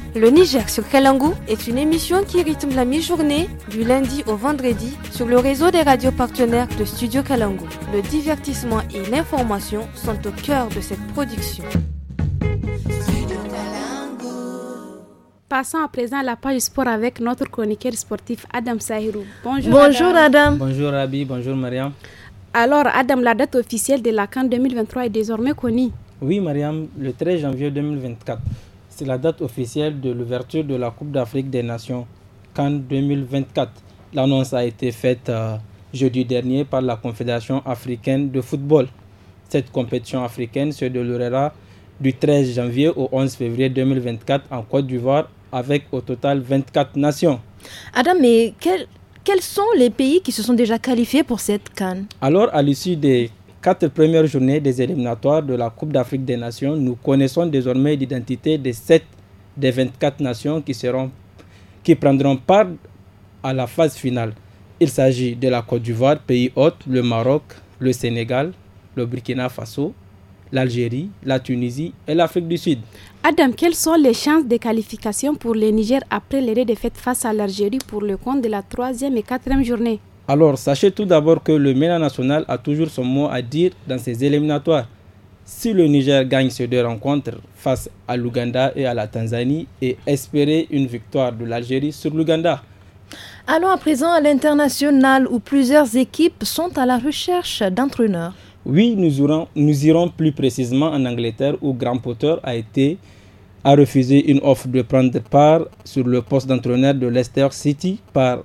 Le Niger sur Kalangou est une émission qui rythme la mi-journée du lundi au vendredi sur le réseau des radios partenaires de Studio Kalangou. Le divertissement et l'information sont au cœur de cette production. Passons à présent à la page sport avec notre chroniqueur sportif Adam Sahirou. Bonjour, bonjour Adam. Bonjour Abi, bonjour Mariam. Alors Adam, la date officielle de la CAN 2023 est désormais connue. Oui Mariam, le 13 janvier 2024 la date officielle de l'ouverture de la Coupe d'Afrique des Nations, Cannes 2024. L'annonce a été faite euh, jeudi dernier par la Confédération africaine de football. Cette compétition africaine se déroulera du 13 janvier au 11 février 2024 en Côte d'Ivoire avec au total 24 nations. Adam, mais quels, quels sont les pays qui se sont déjà qualifiés pour cette Cannes Alors, à l'issue des quatre premières journées des éliminatoires de la Coupe d'Afrique des Nations, nous connaissons désormais l'identité des sept des 24 nations qui, qui prendront part à la phase finale. Il s'agit de la Côte d'Ivoire, pays hôte, le Maroc, le Sénégal, le Burkina Faso, l'Algérie, la Tunisie et l'Afrique du Sud. Adam, quelles sont les chances de qualification pour le Niger après les défaites face à l'Algérie pour le compte de la troisième et quatrième journée alors, sachez tout d'abord que le MENA national a toujours son mot à dire dans ses éliminatoires. Si le Niger gagne ces deux rencontres face à l'Ouganda et à la Tanzanie et espérer une victoire de l'Algérie sur l'Ouganda, Allons à présent à l'international où plusieurs équipes sont à la recherche d'entraîneurs. Oui, nous irons, nous irons, plus précisément en Angleterre où Grand Potter a été a refusé une offre de prendre part sur le poste d'entraîneur de Leicester City par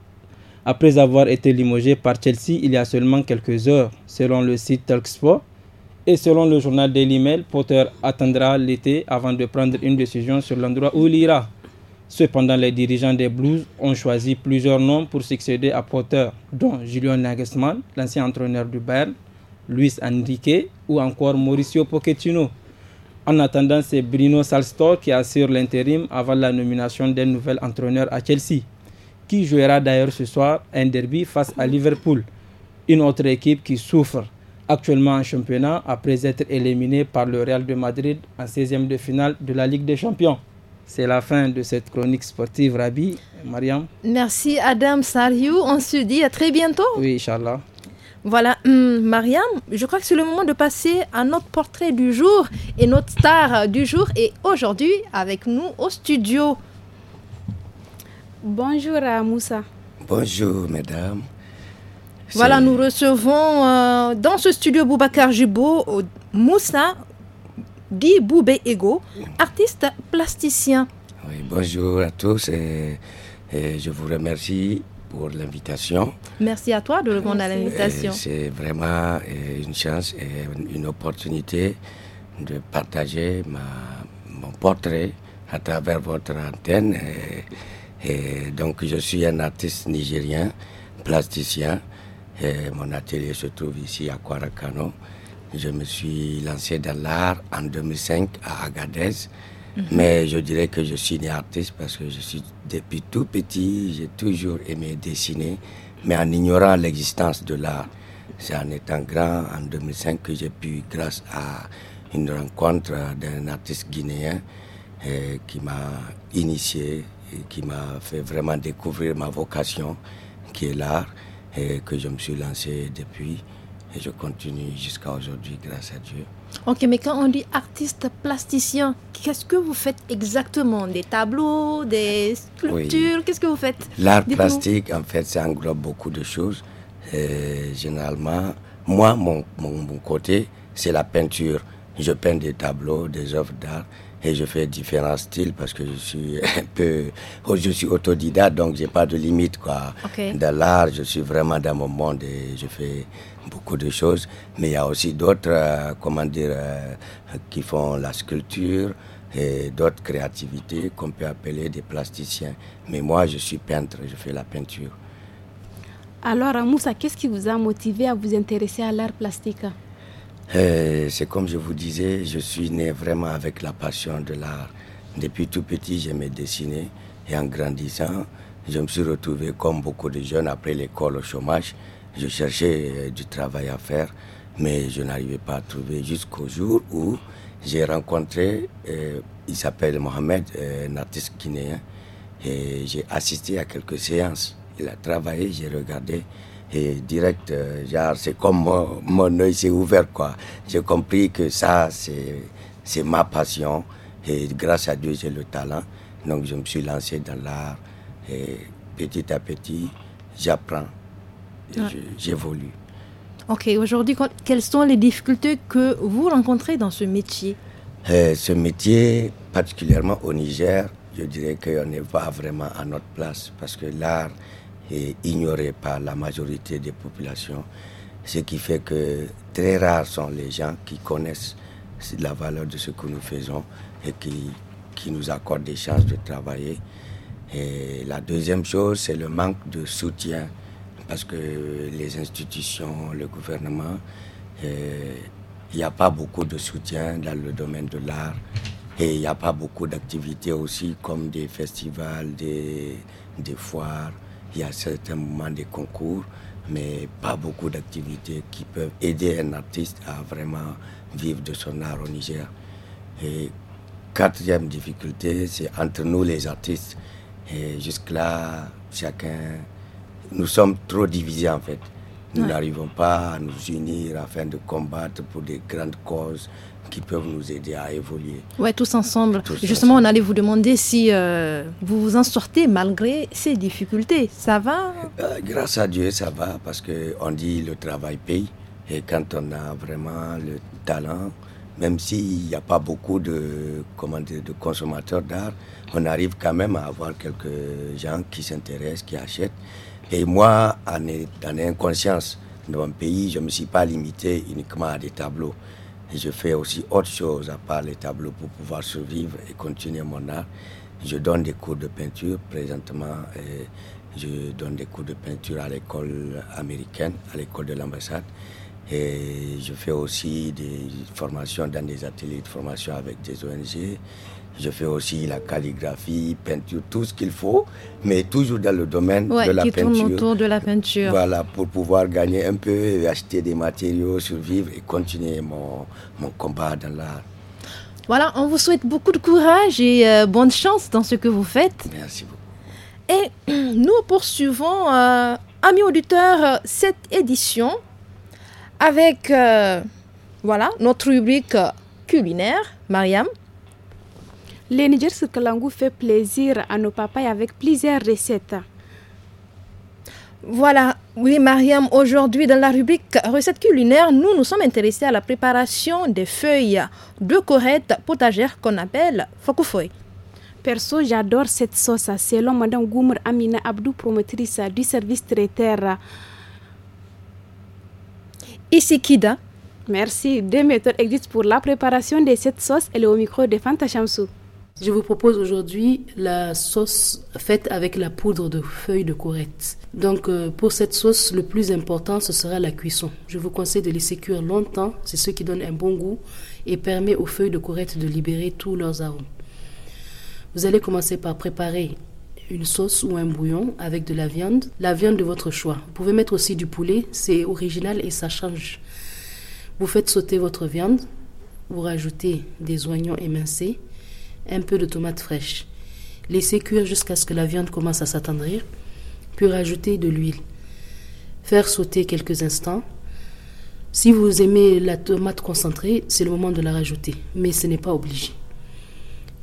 après avoir été limogé par Chelsea il y a seulement quelques heures, selon le site Talksport. Et selon le journal Daily Mail, Potter attendra l'été avant de prendre une décision sur l'endroit où il ira. Cependant, les dirigeants des Blues ont choisi plusieurs noms pour succéder à Potter, dont Julian Nagelsmann, l'ancien entraîneur du Bayern, Luis Enrique ou encore Mauricio Pochettino. En attendant, c'est Bruno Salstor qui assure l'intérim avant la nomination d'un nouvel entraîneur à Chelsea qui jouera d'ailleurs ce soir un derby face à Liverpool, une autre équipe qui souffre actuellement en championnat après être éliminée par le Real de Madrid en 16e de finale de la Ligue des Champions. C'est la fin de cette chronique sportive, Rabi, Mariam. Merci Adam Sariou, on se dit à très bientôt. Oui, Inch'Allah. Voilà, hum, Mariam, je crois que c'est le moment de passer à notre portrait du jour et notre star du jour est aujourd'hui avec nous au studio. Bonjour à euh, Moussa. Bonjour mesdames. Voilà, nous recevons euh, dans ce studio Boubacar Jubo euh, Moussa Di Boubé Ego, artiste plasticien. Oui, bonjour à tous et, je vous remercie pour l'invitation. Merci à toi de répondre à l'invitation. C'est vraiment une chance et une opportunité de partager mon portrait à travers votre antenne. Et donc je suis un artiste nigérien, plasticien. Et mon atelier se trouve ici à Kwarakano. Je me suis lancé dans l'art en 2005 à Agadez. Mhm. Mais je dirais que je suis né artiste parce que je suis depuis tout petit, j'ai toujours aimé dessiner, mais en ignorant l'existence de l'art. C'est en étant grand, en 2005, que j'ai pu, grâce à une rencontre d'un artiste guinéen, eh, qui m'a initié qui m'a fait vraiment découvrir ma vocation, qui est l'art, et que je me suis lancé depuis. Et je continue jusqu'à aujourd'hui, grâce à Dieu. Ok, mais quand on dit artiste plasticien, qu'est-ce que vous faites exactement Des tableaux, des sculptures Qu'est-ce que vous faites L'art plastique, en fait, ça englobe beaucoup de choses. généralement, moi, mon côté, c'est la peinture. Je peins des tableaux, des œuvres d'art et je fais différents styles parce que je suis un peu, je suis autodidacte donc j'ai pas de limite quoi. Dans l'art, je suis vraiment dans mon monde et je fais beaucoup de choses. Mais il y a aussi d'autres, euh, comment dire, euh, qui font la sculpture et d'autres créativités qu'on peut appeler des plasticiens. Mais moi, je suis peintre, je fais la peinture. Alors, Moussa, qu'est-ce qui vous a motivé à vous intéresser à l'art plastique euh, c'est comme je vous disais, je suis né vraiment avec la passion de l'art. Depuis tout petit, j'aimais dessiner et en grandissant, je me suis retrouvé comme beaucoup de jeunes après l'école au chômage. Je cherchais euh, du travail à faire, mais je n'arrivais pas à trouver jusqu'au jour où j'ai rencontré, euh, il s'appelle Mohamed, un artiste guinéen, et j'ai assisté à quelques séances. Il a travaillé, j'ai regardé, et direct, euh, genre, c'est comme mon, œil s'est ouvert, quoi. J'ai compris que ça, c'est ma passion. Et grâce à Dieu, j'ai le talent. Donc, je me suis lancé dans l'art. Et petit à petit, j'apprends. J'évolue. Ok, aujourd'hui, quelles sont les difficultés que vous rencontrez dans ce métier euh, Ce métier, particulièrement au Niger, je dirais qu'on n'est pas vraiment à notre place parce que l'art, et ignoré par la majorité des populations, ce qui fait que très rares sont les gens qui connaissent la valeur de ce que nous faisons et qui, qui nous accordent des chances de travailler. Et la deuxième chose, c'est le manque de soutien, parce que les institutions, le gouvernement, il n'y a pas beaucoup de soutien dans le domaine de l'art. Et il n'y a pas beaucoup d'activités aussi, comme des festivals, des, des foires. Il y a certains moments des concours, mais pas beaucoup d'activités qui peuvent aider un artiste à vraiment vivre de son art au Niger. Et quatrième difficulté, c'est entre nous les artistes. Et jusque-là, chacun, nous sommes trop divisés en fait. Nous n'arrivons pas à nous unir afin de combattre pour des grandes causes qui peuvent nous aider à évoluer. Oui, tous ensemble. Justement, on allait vous demander si euh, vous vous en sortez malgré ces difficultés. Ça va euh, Grâce à Dieu, ça va, parce qu'on dit le travail paye. Et quand on a vraiment le talent, même s'il n'y a pas beaucoup de, comment dire, de consommateurs d'art, on arrive quand même à avoir quelques gens qui s'intéressent, qui achètent. Et moi, en, en inconscience de mon pays, je ne me suis pas limité uniquement à des tableaux. Je fais aussi autre chose à part les tableaux pour pouvoir survivre et continuer mon art. Je donne des cours de peinture présentement. Eh, je donne des cours de peinture à l'école américaine, à l'école de l'ambassade. Et je fais aussi des formations dans des ateliers de formation avec des ONG. Je fais aussi la calligraphie, peinture, tout ce qu'il faut, mais toujours dans le domaine de la qui peinture. Tourne autour de la peinture. Voilà, pour pouvoir gagner un peu, acheter des matériaux, survivre et continuer mon, combat dans l'art. Voilà, on vous souhaite beaucoup de courage et euh, bonne chance dans ce que vous faites. Merci beaucoup. Et nous poursuivons, euh, amis auditeurs, euh, cette édition avec voilà, notre rubrique culinaire, Mariam. Les Niger Circalangou fait plaisir à nos papas avec plusieurs recettes. Voilà, oui Mariam, aujourd'hui dans la rubrique recettes culinaires, nous nous sommes intéressés à la préparation des feuilles de corette potagère qu'on appelle fokufoy. Perso, j'adore cette sauce, selon Madame Goumer Amina Abdou, promotrice du service traiteur. Isikida. Merci, deux méthodes existent pour la préparation de cette sauce. et le au micro de Fanta je vous propose aujourd'hui la sauce faite avec la poudre de feuilles de courette. Donc euh, pour cette sauce, le plus important, ce sera la cuisson. Je vous conseille de laisser cuire longtemps, c'est ce qui donne un bon goût et permet aux feuilles de courette de libérer tous leurs arômes. Vous allez commencer par préparer une sauce ou un bouillon avec de la viande, la viande de votre choix. Vous pouvez mettre aussi du poulet, c'est original et ça change. Vous faites sauter votre viande, vous rajoutez des oignons émincés, un peu de tomate fraîche. Laissez cuire jusqu'à ce que la viande commence à s'attendrir, puis rajouter de l'huile. Faire sauter quelques instants. Si vous aimez la tomate concentrée, c'est le moment de la rajouter, mais ce n'est pas obligé.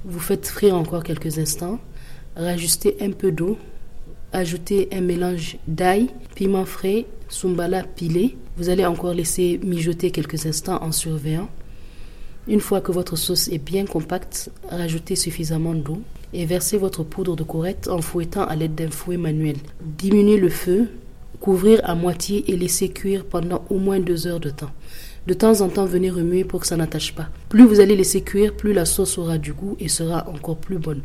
Vous faites frire encore quelques instants, rajustez un peu d'eau, ajoutez un mélange d'ail, piment frais, sumbala pilé. Vous allez encore laisser mijoter quelques instants en surveillant. Une fois que votre sauce est bien compacte, rajoutez suffisamment d'eau et versez votre poudre de courette en fouettant à l'aide d'un fouet manuel. Diminuez le feu, couvrir à moitié et laissez cuire pendant au moins deux heures de temps. De temps en temps, venez remuer pour que ça n'attache pas. Plus vous allez laisser cuire, plus la sauce aura du goût et sera encore plus bonne.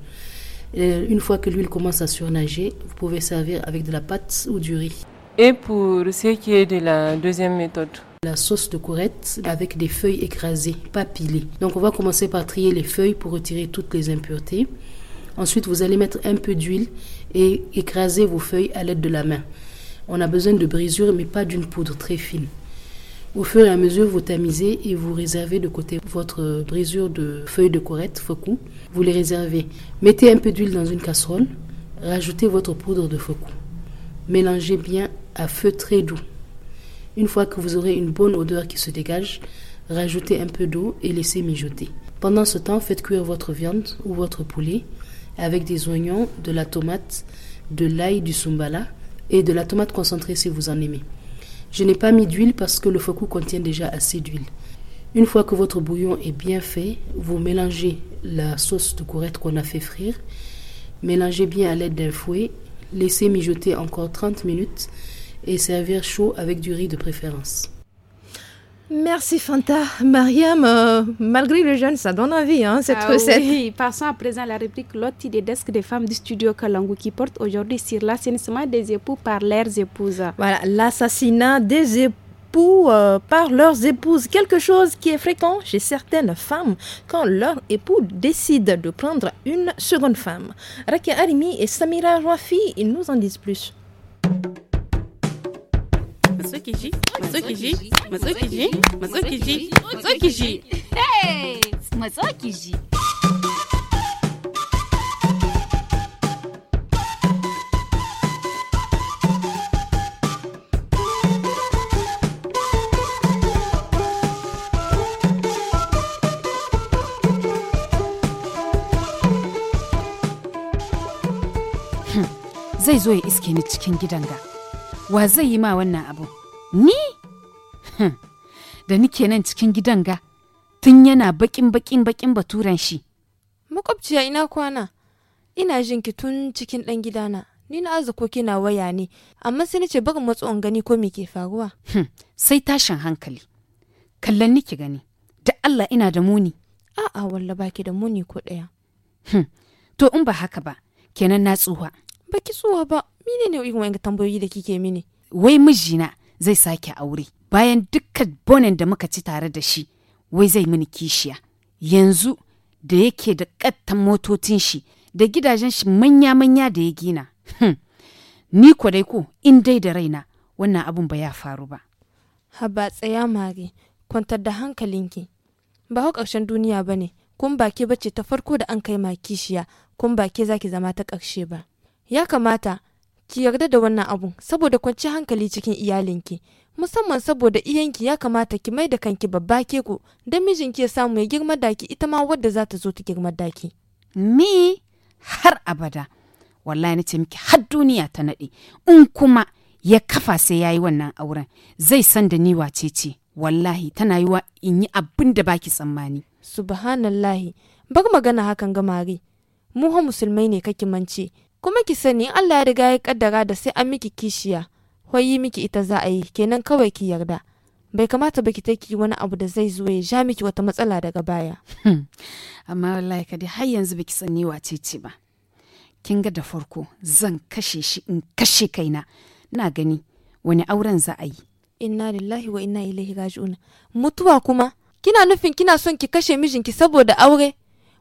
Euh, une fois que l'huile commence à surnager, vous pouvez servir avec de la pâte ou du riz. Et pour ce qui est de la deuxième méthode la sauce de courette avec des feuilles écrasées, pas pilées. Donc on va commencer par trier les feuilles pour retirer toutes les impuretés. Ensuite, vous allez mettre un peu d'huile et écraser vos feuilles à l'aide de la main. On a besoin de brisure, mais pas d'une poudre très fine. Au fur et à mesure, vous tamisez et vous réservez de côté votre brisure de feuilles de corette, focou. Vous les réservez. Mettez un peu d'huile dans une casserole. Rajoutez votre poudre de focou. Mélangez bien à feu très doux. Une fois que vous aurez une bonne odeur qui se dégage, rajoutez un peu d'eau et laissez mijoter. Pendant ce temps, faites cuire votre viande ou votre poulet avec des oignons, de la tomate, de l'ail du sumbala et de la tomate concentrée si vous en aimez. Je n'ai pas mis d'huile parce que le foku contient déjà assez d'huile. Une fois que votre bouillon est bien fait, vous mélangez la sauce de courette qu'on a fait frire, mélangez bien à l'aide d'un fouet, laissez mijoter encore 30 minutes et servir chaud avec du riz de préférence. Merci Fanta. Mariam, euh, malgré le jeûne, ça donne envie, hein, cette ah recette. Oui, passons à présent à la réplique Lotti des desks des femmes du studio Kalangu qui porte aujourd'hui sur l'assassinat des époux par leurs épouses. Voilà, l'assassinat des époux euh, par leurs épouses, quelque chose qui est fréquent chez certaines femmes quand leur époux décide de prendre une seconde femme. Raki Arimi et Samira Rafi, ils nous en disent plus. matsukiji matsukiji matsukiji matsukiji matsukiji hey matsukiji hm, zai zo ya iske ni cikin gidan ga. wa zai yi ma wannan abu ni da nike nan cikin gidan ga tun yana bakin bakin bakin baturen shi makwabciya ina kwana ina jin ki tun cikin dan gidana ni na arziko kina waya ne amma sai nace barin matsuwan gani ko me ke faruwa sai tashin hankali kallon niki gani da Allah ina da muni a'a walla baki da muni ko daya to in ba haka ba kenan na tsuwa baki tsuwa ba mine ne irin wa'yan tambayoyi da kike mini wai mijina zai sake aure bayan dukkan bonen da muka ci tare da shi wai zai mini kishiya yanzu da yake da kattan motocin shi da gidajen shi manya-manya da ya gina hmm. ni ko dai ko in dai da raina wannan abun ba ya faru ba haba tsaya mare kwantar da hankalinki ba hau ƙarshen duniya ba ne kun baki bace ta farko da an kai ma kishiya kun baki zaki zama ta karshe ba ya kamata ki yarda da wannan abun saboda kwanci hankali cikin iyalinki musamman saboda iyanki ya kamata ki mai da kanki babba ke ku don mijinki ya samu ya girma daki ita ma wadda za ta zo ta girma daki. Ni har abada wallahi na ce miki har duniya ta naɗe in kuma ya kafa sai yayi wannan auren zai san da ni wace ce wallahi tana yi wa in yi abin da baki tsammani. Subhanallahi bar magana hakan ga mari mu musulmai ne kake mance kuma ki sani Allah ya riga ya kaddara da sai an miki kishiya hoyi miki ita za a yi kenan kawai ki yarda bai kamata ba ki ta wani abu da zai zo ya ja miki wata matsala daga baya hmm. amma wallahi kadi har yanzu baki sani wace ce ba kin ga da farko zan kashe shi in kashe kaina na gani wani auren za a yi inna lillahi wa inna ilaihi raji'un mutuwa kuma kina nufin kina son ki kashe mijinki saboda aure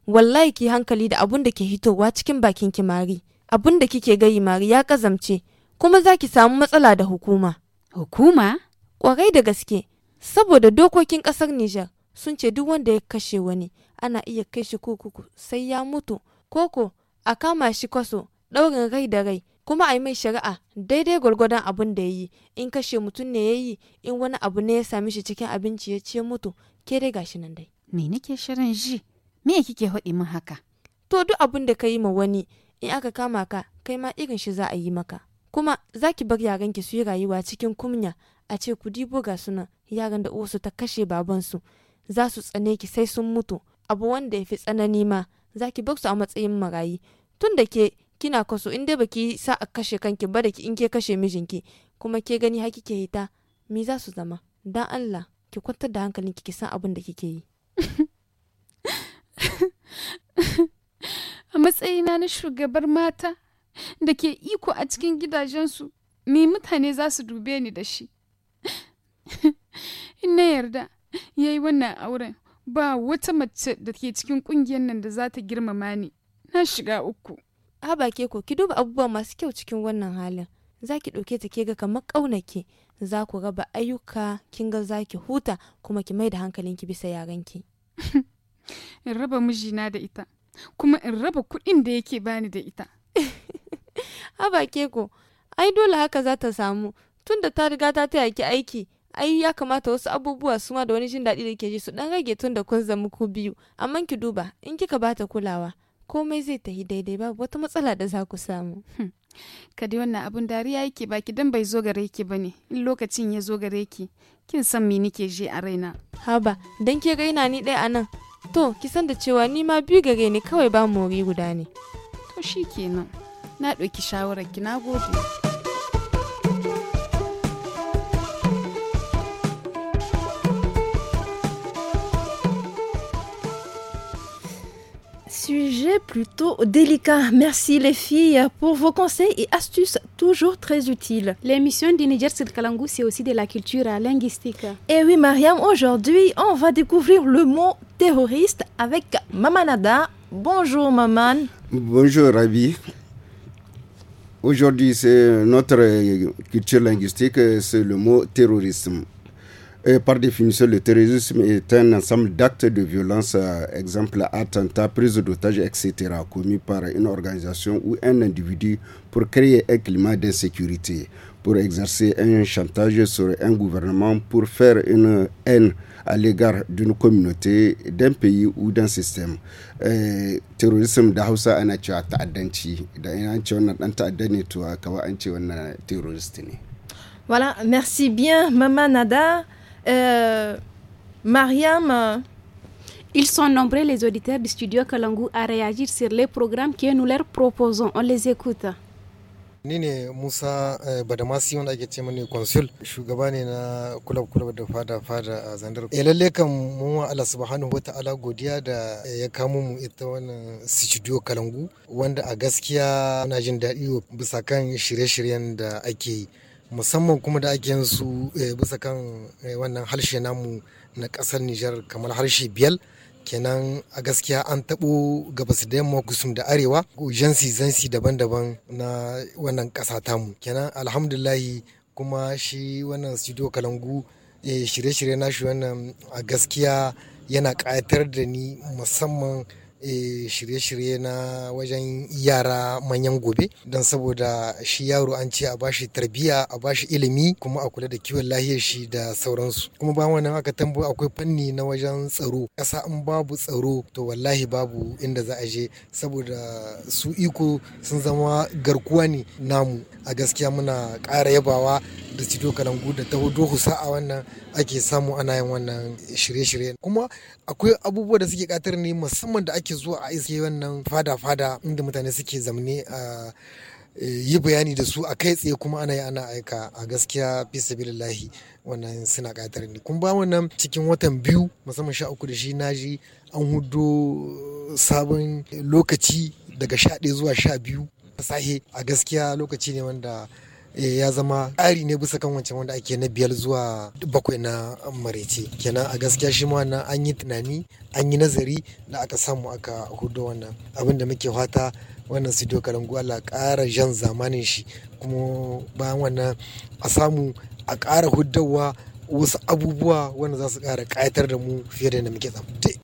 wallahi ki hankali da abun da ke hitowa cikin bakin ki mari abin da kike gayi mari ya kazamce kuma za ki samu matsala da hukuma. Hukuma? Kwarai da gaske, saboda dokokin ƙasar Nijar sun ce duk wanda ya kashe wani ana iya kai shi kurkuku sai ya mutu, koko a kama shi kwaso ɗaurin rai da rai kuma a yi mai shari'a daidai gwargwadon abin da ya yi in kashe mutum ne ya yi in wani abu ne ya sami shi cikin abinci ya ce mutu ke dai gashi nan dai. Me nake shirin ji? Me kike haɗi min haka? To duk abin da ka yi ma wani in aka kama ka kai ma irin shi za a yi maka kuma za ki bar yaran ki su yi rayuwa cikin kunya a ce ku dibo ga suna yaran da uwarsu ta kashe babansu za su tsane ki sai sun mutu abu wanda ya fi tsanani ma za ki bar su a matsayin marayi tun da ke kina kaso in dai baki sa a kashe kanki ba da ki in ke kashe mijinki kuma ke gani haki ke hita me za su zama dan Allah ki kwantar da hankalinki ki san abin da kike yi a matsayina na shugabar mata da ke iko a cikin gidajensu me mutane za su dube ni da shi in na yarda ya yi wannan auren ba wata mace da ke cikin kungiyar nan da za ta girmama ni na shiga uku a ke ko ki duba abubuwa masu kyau cikin wannan halin za ki ɗauke ta ke ga kamar ƙaunake za ku raba ayyuka kin ga za ki huta kuma ki mai da ki bisa yaranki in raba mijina da ita kuma in raba kuɗin da yake bani da ita. Haba Keko, ai dole haka za ta samu, da ta riga ta taya ki aiki, ai ya kamata wasu abubuwa su ma da wani jin daɗi da ke ji su ɗan rage tun da kun zama ku biyu, amma ki duba in kika bata kulawa. Komai zai tafi daidai babu wata matsala da za ku samu. Hmm. Ka wannan abun dariya yake baki dan bai zo gare ki bane in lokacin ya zo gare ki kin san me nike je a raina. Haba dan ke ga ina ni ɗaya a nan to sujet plutôt délicat. Merci les filles pour vos conseils et astuces toujours très utiles. L'émission du Niger Kalangu, c'est aussi de la culture linguistique. Et eh oui, Mariam, aujourd'hui, on va découvrir le mot terroriste avec Mamanada. Bonjour Maman. Bonjour Ravi. Aujourd'hui, c'est notre culture linguistique, c'est le mot terrorisme. par définition, le terrorisme est un ensemble d'actes de violence, euh, exemple attentat, prise d'otages, etc., commis par une organisation ou un individu pour créer un climat d'insécurité, pour exercer un chantage sur un gouvernement, pour faire une haine à l'égard d'une communauté, d'un pays ou d'un système. Eh, terrorism da Hausa a cewa ta'addanci, da an ce wannan dan ta'adda ne to kawai an ce wannan terrorist ne. Voilà, merci bien Maman Nada. Euh, Mariam, ils sont nombreux les auditeurs du studio Kalangu à réagir sur les programmes que nous leur proposons. On les écoute. Ni ne Musa eh, Badamasi wanda ake ce mani consul shugaba ne na kulab kulab da fada fada a Zandar. Eh lalle kan mun wa Allah subhanahu ala godiya da eh, ya kamo mu ita wannan studio Kalangu wanda a gaskiya muna jin daɗi bisa kan shirye-shiryen da ake yi. musamman kuma da ake su eh, bisa kan wannan harshe namu na ƙasar Nijar kamar harshe biyar kenan a gaskiya an taɓo gabas da yamma kusum da arewa jansi zansi daban-daban na wannan ƙasa tamu kenan alhamdulahi kuma shi wannan studio kalangu eh, shirye-shirye nashi wannan a gaskiya yana ƙayatar da ni musamman Eh, shirye-shirye na wajen yara manyan gobe don saboda shi yaro an ce a bashi tarbiyya a bashi ilimi kuma a kula da kiwon lahiyar shi da sauransu kuma ba wannan aka tambo akwai fanni na wajen tsaro kasa in babu tsaro to wallahi babu inda za a je saboda su iko sun zama garkuwa ne namu a gaskiya muna ƙara yabawa da cito kalangu da ta hudu sa'a wannan ake samu ana yin wannan shirye-shirye kuma akwai abubuwa da suke katar ne musamman da ake ake zuwa a iske wannan fada-fada inda mutane suke zamne a e, yi bayani da su a kai tsaye kuma ana yi ana aika a gaskiya fi sabilillahi wannan suna ƙayatar ne kun ba wannan cikin watan biyu musamman sha uku da shi naji an hudo sabon lokaci daga sha ɗaya zuwa sha biyu fasahe a gaskiya lokaci ne wanda Eh, ya zama ƙari ne bisa kan wancan wanda ake na biyar zuwa bakwai na marece kenan a gaskiya shi ma na an yi tunani an yi nazari da aka samu aka hudo wannan abin da muke fata wannan su doka kalangu Allah ƙara jan zamanin shi kuma bayan wannan a samu a ƙara huddawa wasu abubuwa wanda za su ƙara ƙayatar da mu fiye da yadda muke tsamu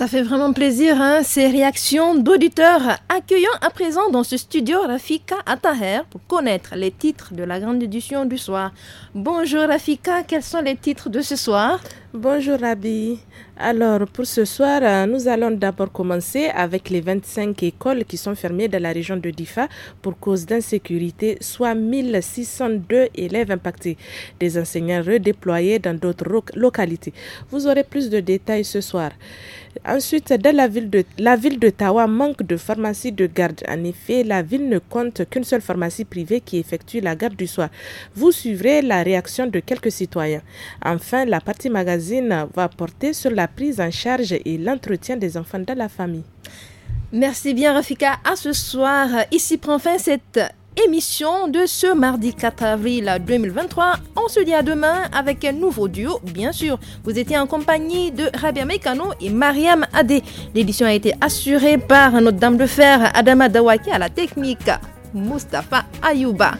Ça fait vraiment plaisir, hein, ces réactions d'auditeurs. accueillant à présent dans ce studio Rafika Ataher pour connaître les titres de la grande édition du soir. Bonjour Rafika, quels sont les titres de ce soir Bonjour Rabi. Alors pour ce soir, euh, nous allons d'abord commencer avec les 25 écoles qui sont fermées dans la région de Difa pour cause d'insécurité, soit 1602 élèves impactés, des enseignants redéployés dans d'autres localités. Vous aurez plus de détails ce soir. Ensuite, dans la ville de la ville de Tawa manque de pharmacie de garde. En effet, la ville ne compte qu'une seule pharmacie privée qui effectue la garde du soir. Vous suivrez la réaction de quelques citoyens. Enfin, la partie magasin va porter sur la prise en charge et l'entretien des enfants de la famille. Merci bien Rafika. À ce soir, ici prend fin cette émission de ce mardi 4 avril 2023. On se dit à demain avec un nouveau duo, bien sûr. Vous étiez en compagnie de Rabia Mekano et Mariam Adé. L'édition a été assurée par notre dame de fer Adama Dawaki à la technique, Mustapha Ayouba.